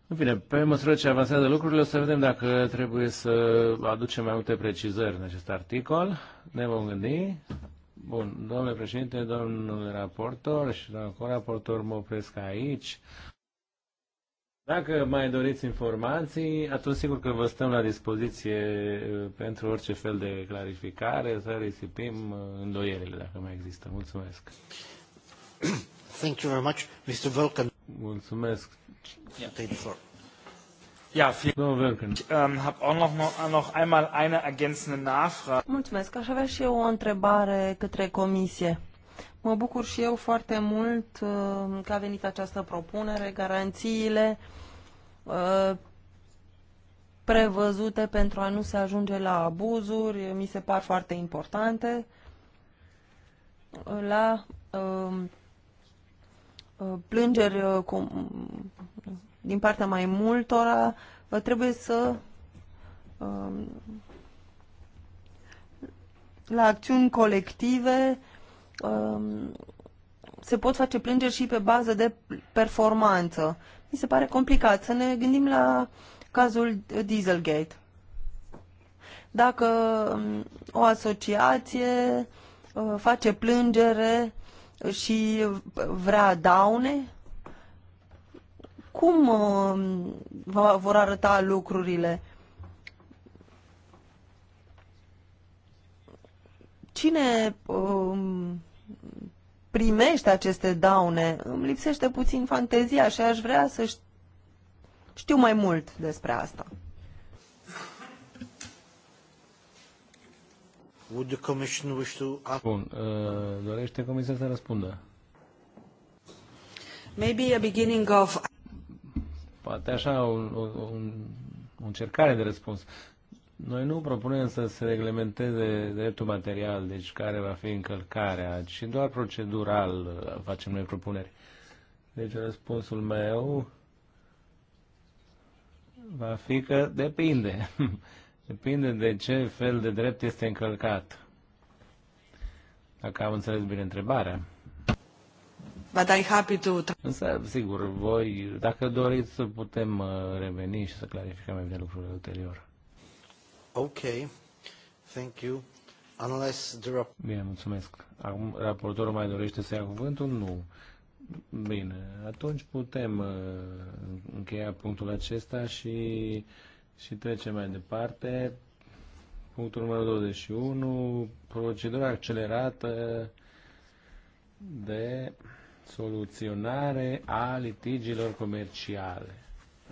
În fine, pe măsură ce avansează lucrurile, o să vedem dacă trebuie să aducem mai multe precizări în acest articol. Ne vom gândi. Bun, domnule președinte, domnul raportor și domnul coraportor mă opresc aici. Dacă mai doriți informații, atunci sigur că vă stăm la dispoziție uh, pentru orice fel de clarificare, să risipim uh, îndoierile dacă mai există. Mulțumesc. Thank you very much, Mr. Vulcan. Mulțumesc. Ja, ähm, Mulțumesc. Aș avea și eu o întrebare către comisie. Mă bucur și eu foarte mult uh, că a venit această propunere, garanțiile uh, prevăzute pentru a nu se ajunge la abuzuri, mi se par foarte importante. La uh, Uh, plângeri uh, cu, din partea mai multora, uh, trebuie să um, la acțiuni colective um, se pot face plângeri și pe bază de performanță. Mi se pare complicat să ne gândim la cazul Dieselgate. Dacă um, o asociație face plângere și vrea daune? Cum uh, vor arăta lucrurile? Cine um, primește aceste daune? Îmi lipsește puțin fantezia și aș vrea să știu mai mult despre asta. Would the commission wish to... Bun. Uh, dorește Comisia să răspundă. Maybe a beginning of... Poate așa o, o, o încercare de răspuns. Noi nu propunem să se reglementeze dreptul material, deci care va fi încălcarea, ci doar procedural uh, facem noi propuneri. Deci răspunsul meu va fi că depinde. [laughs] Depinde de ce fel de drept este încălcat. Dacă am înțeles bine întrebarea. But I happy to... Însă, sigur, voi, dacă doriți, să putem uh, reveni și să clarificăm mai bine lucrurile ulterior. Ok. Thank you. Unless the... Bine, mulțumesc. Acum, raportorul mai dorește să ia cuvântul? Nu. Bine, atunci putem uh, încheia punctul acesta și și trecem mai departe. Punctul numărul 21. Procedura accelerată de soluționare a litigiilor comerciale.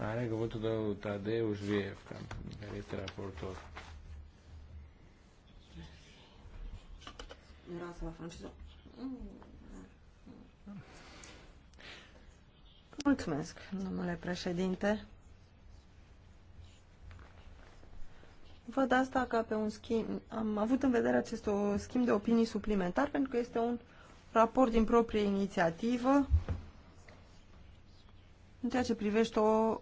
Are cuvântul domnul Tadeuș Vievca, care este raportor. Mulțumesc, domnule președinte. Văd asta ca pe un schimb. Am avut în vedere acest schimb de opinii suplimentar pentru că este un raport din proprie inițiativă în ceea ce privește o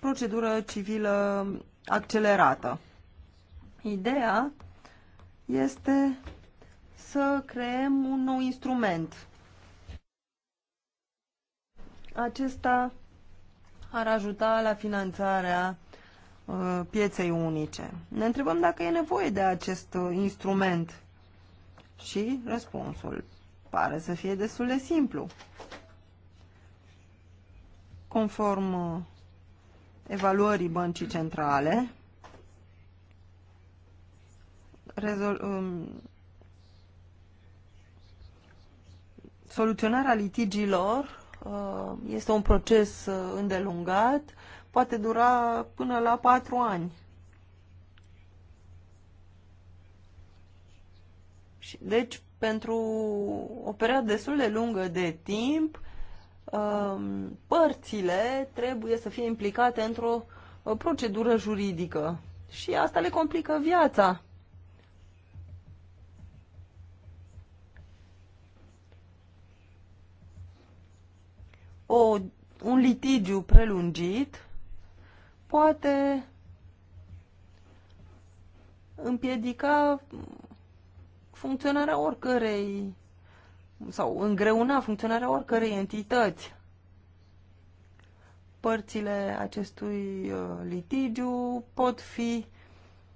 procedură civilă accelerată. Ideea este să creăm un nou instrument. Acesta ar ajuta la finanțarea Uh, pieței unice. Ne întrebăm dacă e nevoie de acest uh, instrument și răspunsul pare să fie destul de simplu. Conform uh, evaluării băncii centrale, um, soluționarea litigiilor este un proces îndelungat poate dura până la patru ani. Și, deci, pentru o perioadă destul de lungă de timp, um, părțile trebuie să fie implicate într-o procedură juridică. Și asta le complică viața. O, un litigiu prelungit poate împiedica funcționarea oricărei sau îngreuna funcționarea oricărei entități. Părțile acestui uh, litigiu pot fi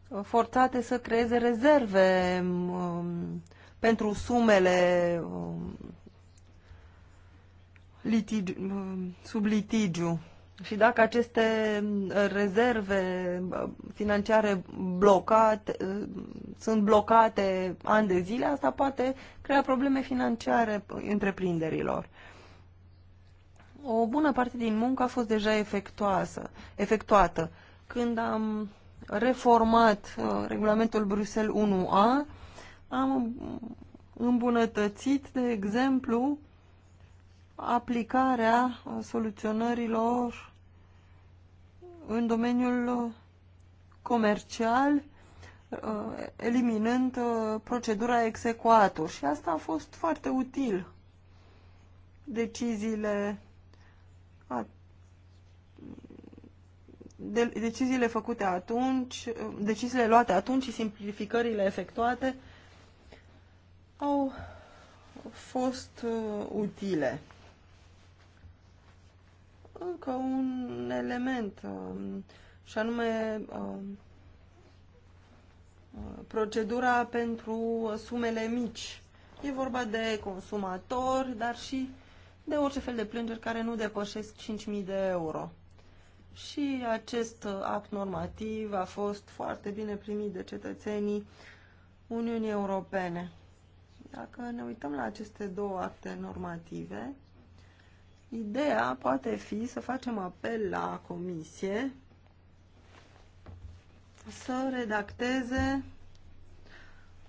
uh, forțate să creeze rezerve um, pentru sumele um, litigi, um, sub litigiu. Și dacă aceste uh, rezerve uh, financiare blocate, uh, sunt blocate ani de zile, asta poate crea probleme financiare întreprinderilor. O bună parte din muncă a fost deja efectuasă, efectuată. Când am reformat uh, regulamentul Bruxelles 1A, am îmbunătățit, de exemplu, aplicarea soluționărilor în domeniul comercial, uh, eliminând uh, procedura execuator. Și asta a fost foarte util. Deciziile de, deciziile făcute atunci, uh, deciziile luate atunci și simplificările efectuate au fost utile încă un element, um, și anume um, procedura pentru sumele mici. E vorba de consumatori, dar și de orice fel de plângeri care nu depășesc 5.000 de euro. Și acest act normativ a fost foarte bine primit de cetățenii Uniunii Europene. Dacă ne uităm la aceste două acte normative, Ideea poate fi să facem apel la comisie să redacteze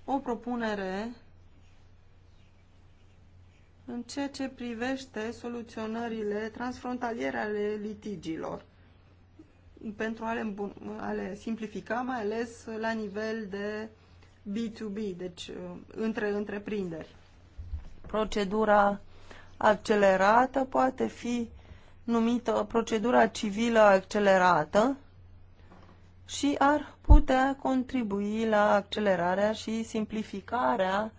o propunere în ceea ce privește soluționările transfrontaliere ale litigilor pentru a le, a le simplifica, mai ales la nivel de B2B, deci uh, între întreprinderi. Procedura accelerată poate fi numită procedura civilă accelerată și ar putea contribui la accelerarea și simplificarea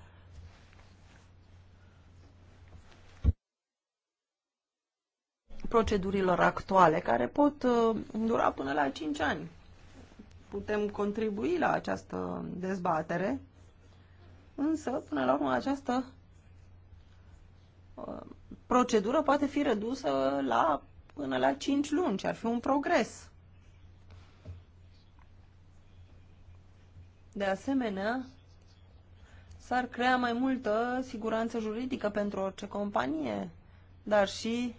procedurilor actuale, care pot uh, dura până la 5 ani. Putem contribui la această dezbatere, însă, până la urmă, această procedură poate fi redusă la până la 5 luni, ce ar fi un progres. De asemenea, s-ar crea mai multă siguranță juridică pentru orice companie, dar și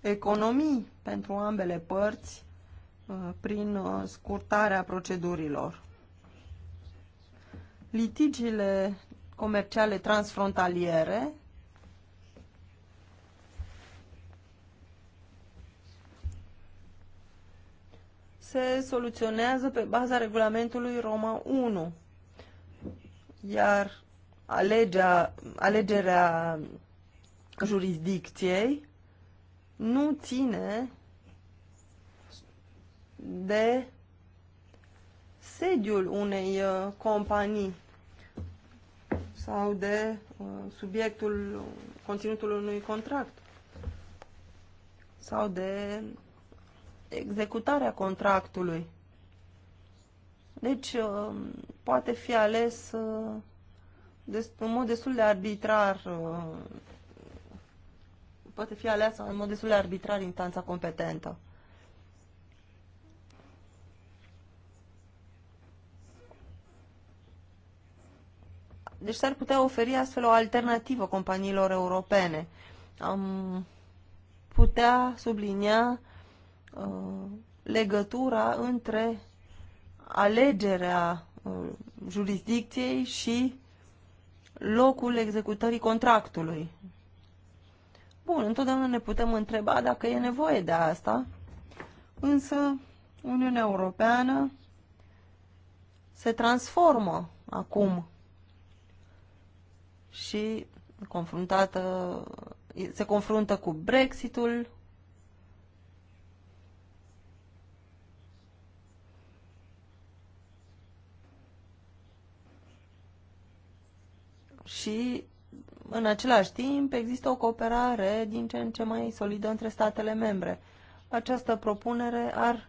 economii pentru ambele părți uh, prin uh, scurtarea procedurilor. Litigiile comerciale transfrontaliere se soluționează pe baza regulamentului Roma 1, iar alegea, alegerea jurisdicției nu ține de sediul unei uh, companii sau de uh, subiectul, conținutul unui contract sau de executarea contractului. Deci uh, poate fi ales uh, des, în mod destul de arbitrar uh, poate fi aleasă în mod destul de arbitrar instanța competentă. Deci s-ar putea oferi astfel o alternativă companiilor europene. Am putea sublinia uh, legătura între alegerea uh, jurisdicției și locul executării contractului. Bun, întotdeauna ne putem întreba dacă e nevoie de asta, însă Uniunea Europeană se transformă acum și confruntată, se confruntă cu Brexitul. Și în același timp există o cooperare din ce în ce mai solidă între statele membre. Această propunere ar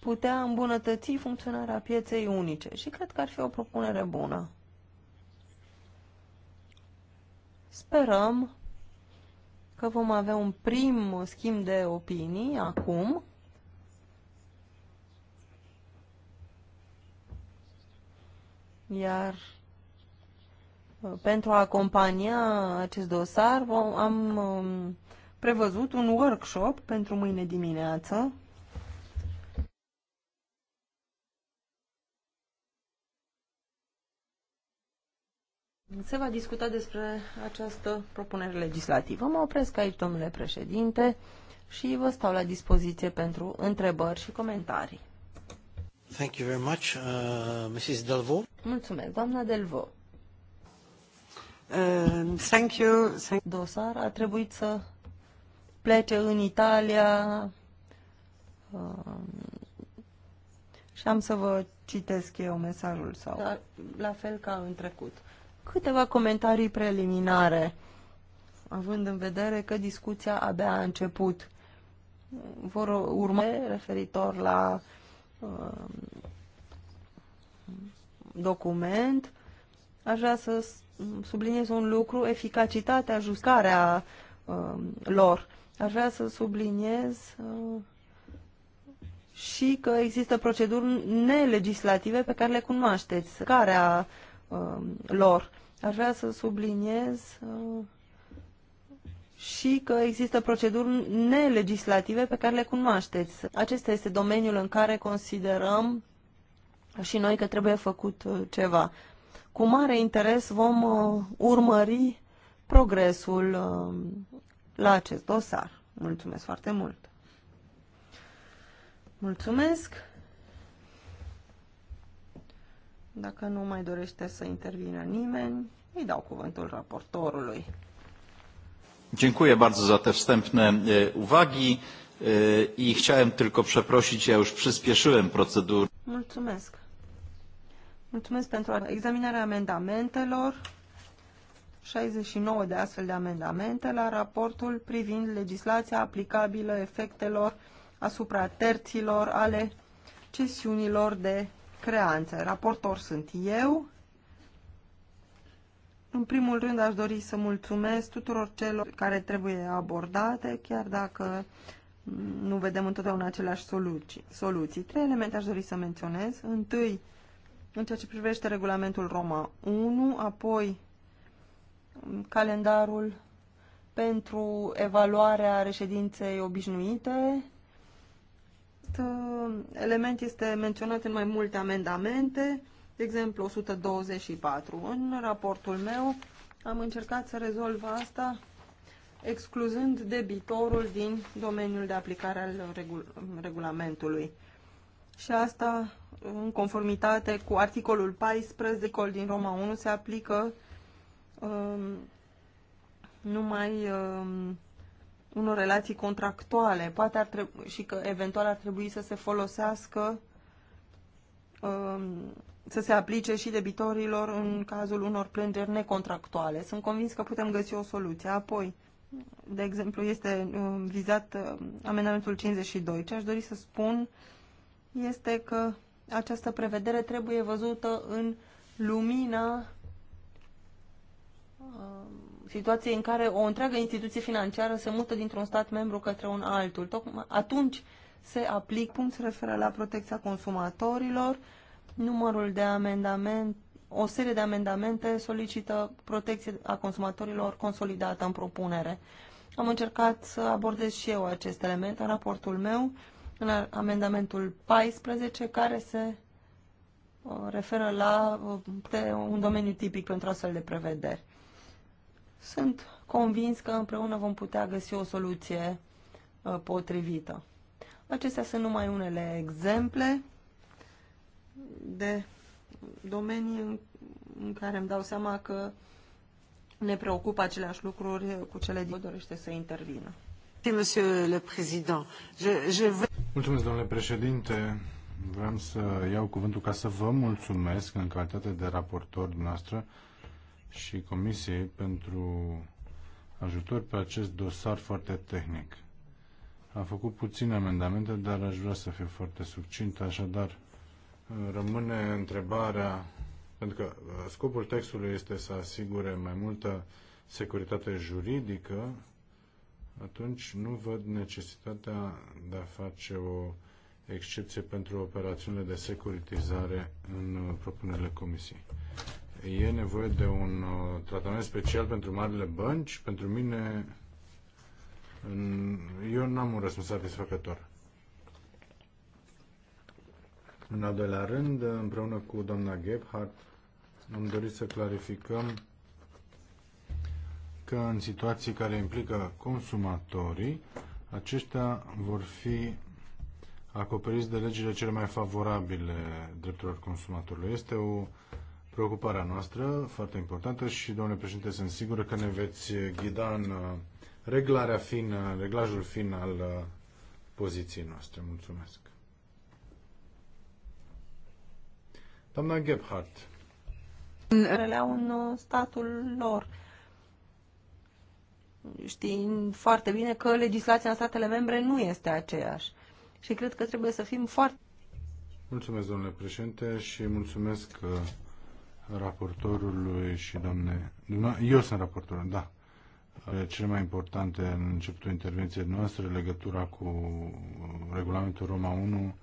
putea îmbunătăți funcționarea pieței unice și cred că ar fi o propunere bună. Sperăm că vom avea un prim schimb de opinii acum. Iar uh, pentru a acompania acest dosar vom, am um, prevăzut un workshop pentru mâine dimineață se va discuta despre această propunere legislativă. Mă opresc aici, domnule președinte, și vă stau la dispoziție pentru întrebări și comentarii. Thank you very much, uh, Mrs. Delvaux. Mulțumesc, doamna Delvaux. Uh, thank you. Thank Dosar a trebuit să plece în Italia uh, și am să vă citesc eu mesajul sau... Dar, la fel ca în trecut. Câteva comentarii preliminare, având în vedere că discuția abia a început. Vor urma referitor la um, document. Aș vrea să subliniez un lucru, eficacitatea, ajustarea um, lor. Aș vrea să subliniez uh, și că există proceduri nelegislative pe care le cunoașteți, care a uh, um, lor. Aș vrea să subliniez uh, și că există proceduri nelegislative pe care le cunoașteți. Acesta este domeniul în care considerăm și noi că trebuie făcut uh, ceva. Cu mare interes vom uh, urmări progresul la acest dosar. Mulțumesc foarte mult! Mulțumesc! Dacă nu mai dorește să intervină nimeni, îi dau cuvântul raportorului. Dziękuję bardzo za te wstępne uwagi i chciałem tylko przeprosić, ja już przyspieszyłem procedurę. Mulțumesc. Mulțumesc pentru examinarea amendamentelor. 69 de astfel de amendamente la raportul privind legislația aplicabilă efectelor asupra terților ale cesiunilor de creanță. Raportor sunt eu. În primul rând aș dori să mulțumesc tuturor celor care trebuie abordate, chiar dacă nu vedem întotdeauna aceleași soluții. soluții. Trei elemente aș dori să menționez. Întâi, în ceea ce privește regulamentul Roma 1, apoi calendarul pentru evaluarea reședinței obișnuite, Uh, element este menționat în mai multe amendamente, de exemplu 124. În raportul meu am încercat să rezolv asta excluzând debitorul din domeniul de aplicare al regul regulamentului. Și asta în conformitate cu articolul 14 din Roma 1 se aplică um, numai um, unor relații contractuale. Poate ar trebui și că eventual ar trebui să se folosească um, să se aplice și debitorilor în cazul unor plângeri necontractuale. Sunt convins că putem găsi o soluție. Apoi, de exemplu, este um, vizat um, amendamentul 52. Ce aș dori să spun este că această prevedere trebuie văzută în lumina situație în care o întreagă instituție financiară se mută dintr-un stat membru către un altul. Tocmai atunci se aplică cum se referă la protecția consumatorilor, numărul de amendamente, o serie de amendamente solicită protecție a consumatorilor consolidată în propunere. Am încercat să abordez și eu acest element în raportul meu, în amendamentul 14, care se uh, referă la uh, un domeniu tipic pentru astfel de prevederi. Sunt convins că împreună vom putea găsi o soluție uh, potrivită. Acestea sunt numai unele exemple de domenii în care îmi dau seama că ne preocupă aceleași lucruri cu cele din dorește să intervină. Mulțumesc, domnule președinte. Vreau să iau cuvântul ca să vă mulțumesc în calitate de raportor dumneavoastră și Comisiei pentru ajutor pe acest dosar foarte tehnic. Am făcut puține amendamente, dar aș vrea să fiu foarte succint, așadar rămâne întrebarea, pentru că uh, scopul textului este să asigure mai multă securitate juridică, atunci nu văd necesitatea de a face o excepție pentru operațiunile de securitizare în uh, propunerile Comisiei e nevoie de un uh, tratament special pentru marile bănci? Pentru mine, eu n-am un răspuns satisfăcător. În al doilea rând, împreună cu doamna Gebhardt, am dorit să clarificăm că în situații care implică consumatorii, aceștia vor fi acoperiți de legile cele mai favorabile drepturilor consumatorului. Este o preocuparea noastră, foarte importantă și, domnule președinte, sunt sigur că ne veți ghida în uh, reglarea fin, uh, reglajul fin al uh, poziției noastre. Mulțumesc. Doamna Gebhardt. În statul lor Știm foarte bine că legislația în statele membre nu este aceeași. Și cred că trebuie să fim foarte... Mulțumesc, domnule președinte, și mulțumesc raportorului și doamne... Eu sunt raportorul, da. Cele mai importante în începutul intervenției noastre, legătura cu uh, regulamentul Roma 1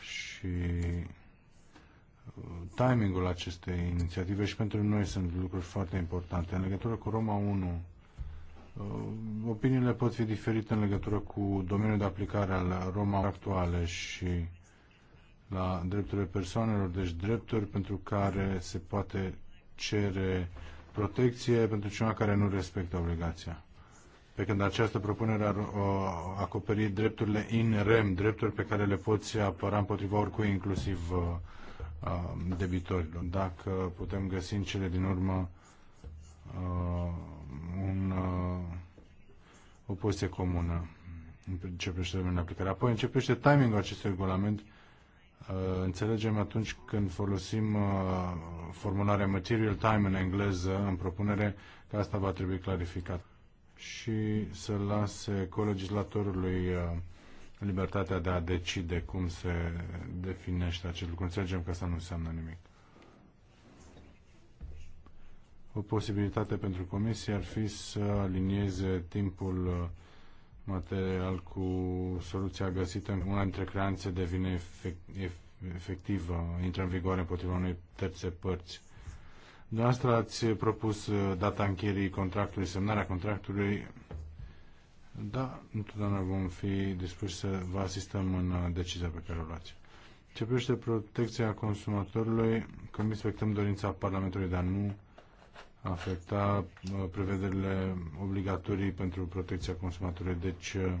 și uh, timingul acestei inițiative și pentru noi sunt lucruri foarte importante. În legătură cu Roma 1, uh, opiniile pot fi diferite în legătură cu domeniul de aplicare al Roma actuale și la drepturile persoanelor, deci drepturi pentru care se poate cere protecție pentru cineva care nu respectă obligația. Pe când această propunere ar o, acoperi drepturile in rem, drepturi pe care le poți apăra împotriva oricui, inclusiv uh, uh debitorilor. Dacă putem găsi în cele din urmă uh, un, uh, o poziție comună în ce privește în aplicare. Apoi începește timingul acestui regulament uh, Eh, înțelegem atunci când folosim eh, formularea material time în engleză, în propunere, că asta va trebui clarificat. Și să lase colegislatorului eh, libertatea de a decide cum se definește acest lucru. Înțelegem că asta nu înseamnă nimic. O posibilitate pentru comisie ar fi să alinieze timpul material cu soluția găsită în una dintre creanțe devine efectivă, intră în vigoare împotriva unei terțe părți. Dumneavoastră ați propus uh, data închirii contractului, semnarea contractului. Da, întotdeauna vom fi dispuși să vă asistăm în uh, decizia pe care o luați. Ce privește protecția consumatorului, că respectăm dorința Parlamentului de a nu afecta uh, prevederile obligatorii pentru protecția consumatorului. Deci uh,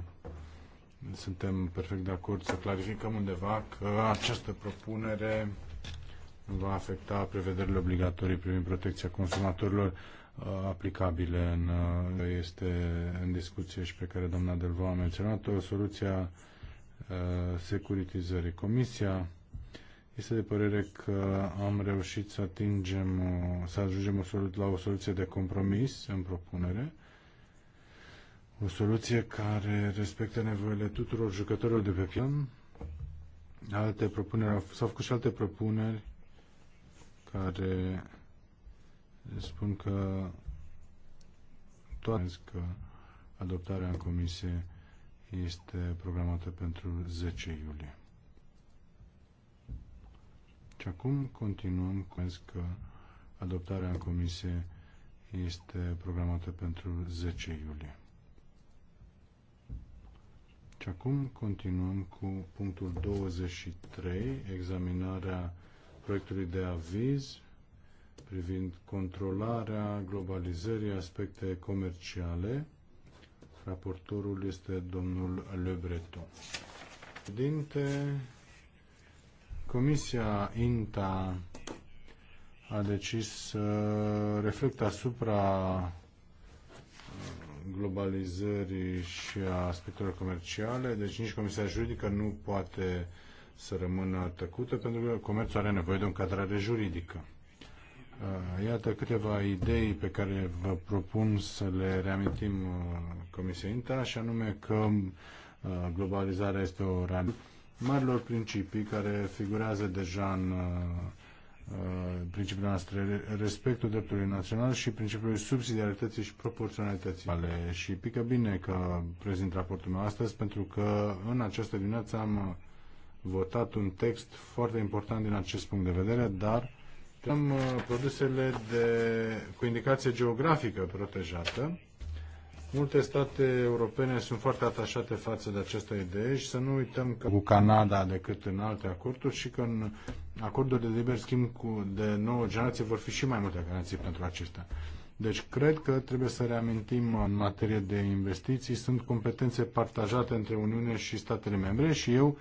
suntem perfect de acord să clarificăm undeva că această propunere va afecta prevederile obligatorii privind protecția consumatorilor uh, aplicabile în, este în discuție și pe care doamna Delvo a menționat-o, soluția securitizării. Comisia este de părere că am reușit să atingem, să ajungem o la o soluție de compromis în propunere. O soluție care respectă nevoile tuturor jucătorilor de pe pian. Alte propuneri, s-au făcut și alte propuneri care spun că toate că adoptarea în comisie este programată pentru 10 iulie. Și acum continuăm cu că adoptarea în comisie este programată pentru 10 iulie. Și acum continuăm cu punctul 23, examinarea proiectului de aviz privind controlarea globalizării aspecte comerciale. Raportorul este domnul Le Breton. Dinte, Comisia INTA a decis să reflecte asupra uh, globalizării și a aspectelor comerciale, deci nici Comisia Juridică nu poate să rămână tăcută, pentru că comerțul are nevoie de o încadrare juridică. Uh, iată câteva idei pe care vă propun să le reamintim uh, Comisia INTA, și anume că globalizarea este o realitate marilor principii care figurează deja în uh, uh, principiile noastre, respectul dreptului național și principiul subsidiarității și proporționalității. Și pică bine că prezint raportul meu astăzi, pentru că în această dimineață am uh, votat un text foarte important din acest punct de vedere, dar am produsele de, cu indicație geografică protejată Multe state europene sunt foarte atașate față de această idee și să nu uităm că cu Canada decât în alte acorduri și că în acordurile de liber schimb cu, de nouă generație vor fi și mai multe garanții pentru acestea. Deci cred că trebuie să reamintim în materie de investiții, sunt competențe partajate între Uniune și statele membre și eu,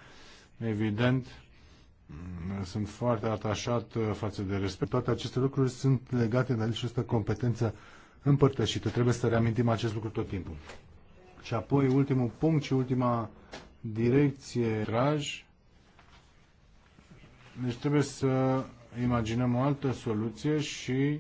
evident, sunt foarte atașat față de respect. Toate aceste lucruri sunt legate de această competență împărtășită. Trebuie să reamintim acest lucru tot timpul. Și apoi ultimul punct și ultima direcție traj. Deci trebuie să imaginăm o altă soluție și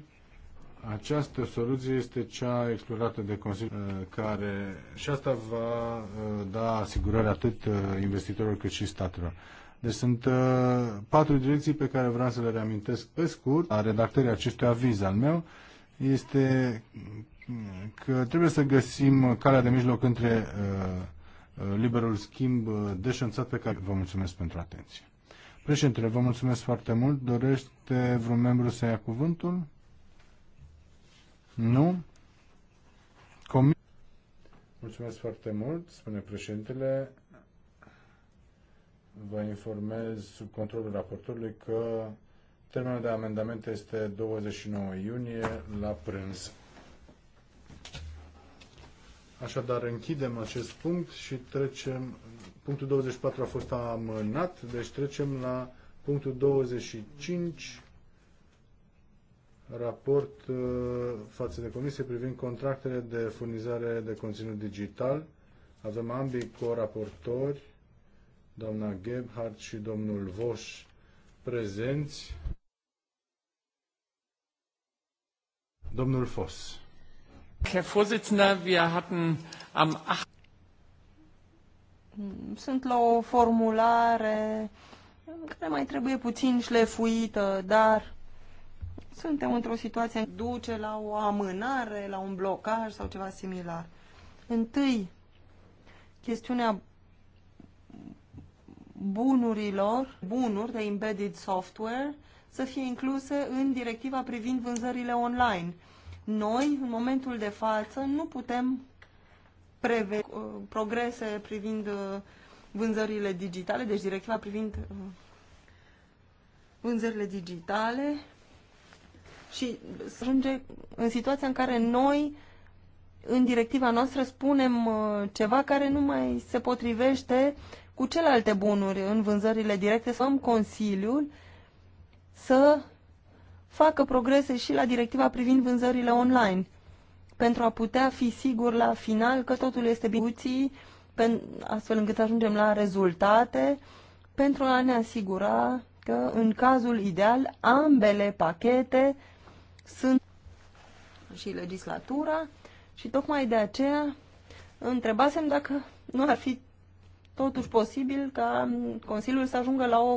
această soluție este cea explorată de Consiliu, uh, care și asta va uh, da asigurare atât uh, investitorilor cât și statelor. Deci sunt patru direcții pe care vreau să le reamintesc pe scurt a redactării acestui aviz al meu este că trebuie să găsim calea de mijloc între uh, uh liberul schimb uh, deșanțat pe care vă mulțumesc pentru atenție. Președintele, vă mulțumesc foarte mult. Dorește vreun membru să ia cuvântul? Nu? Comi mulțumesc foarte mult, spune președintele. Vă informez sub controlul raportorului că Termenul de amendamente este 29 iunie la prânz. Așadar, închidem acest punct și trecem... Punctul 24 a fost amânat, deci trecem la punctul 25, raport uh, față de comisie privind contractele de furnizare de conținut digital. Avem ambii co-raportori, doamna Gebhardt și domnul Voș, prezenți. Domnul Foss. Herr Vorsitzender, wir hatten am 8. Sunt la o formulare care mai trebuie puțin șlefuită, dar suntem într-o situație care duce la o amânare, la un blocaj sau ceva similar. Întâi, chestiunea bunurilor, bunuri de embedded software, să fie incluse în directiva privind vânzările online. Noi, în momentul de față, nu putem preve uh, progrese privind uh, vânzările digitale, deci directiva privind uh, vânzările digitale și să ajunge în situația în care noi în directiva noastră spunem ceva care nu mai se potrivește cu celelalte bunuri în vânzările directe. Să Consiliul uh, să facă progrese și la directiva privind vânzările online, pentru a putea fi sigur la final că totul este bine, astfel încât ajungem la rezultate, pentru a ne asigura că, în cazul ideal, ambele pachete sunt și legislatura și tocmai de aceea întrebasem dacă nu ar fi totuși posibil ca Consiliul să ajungă la o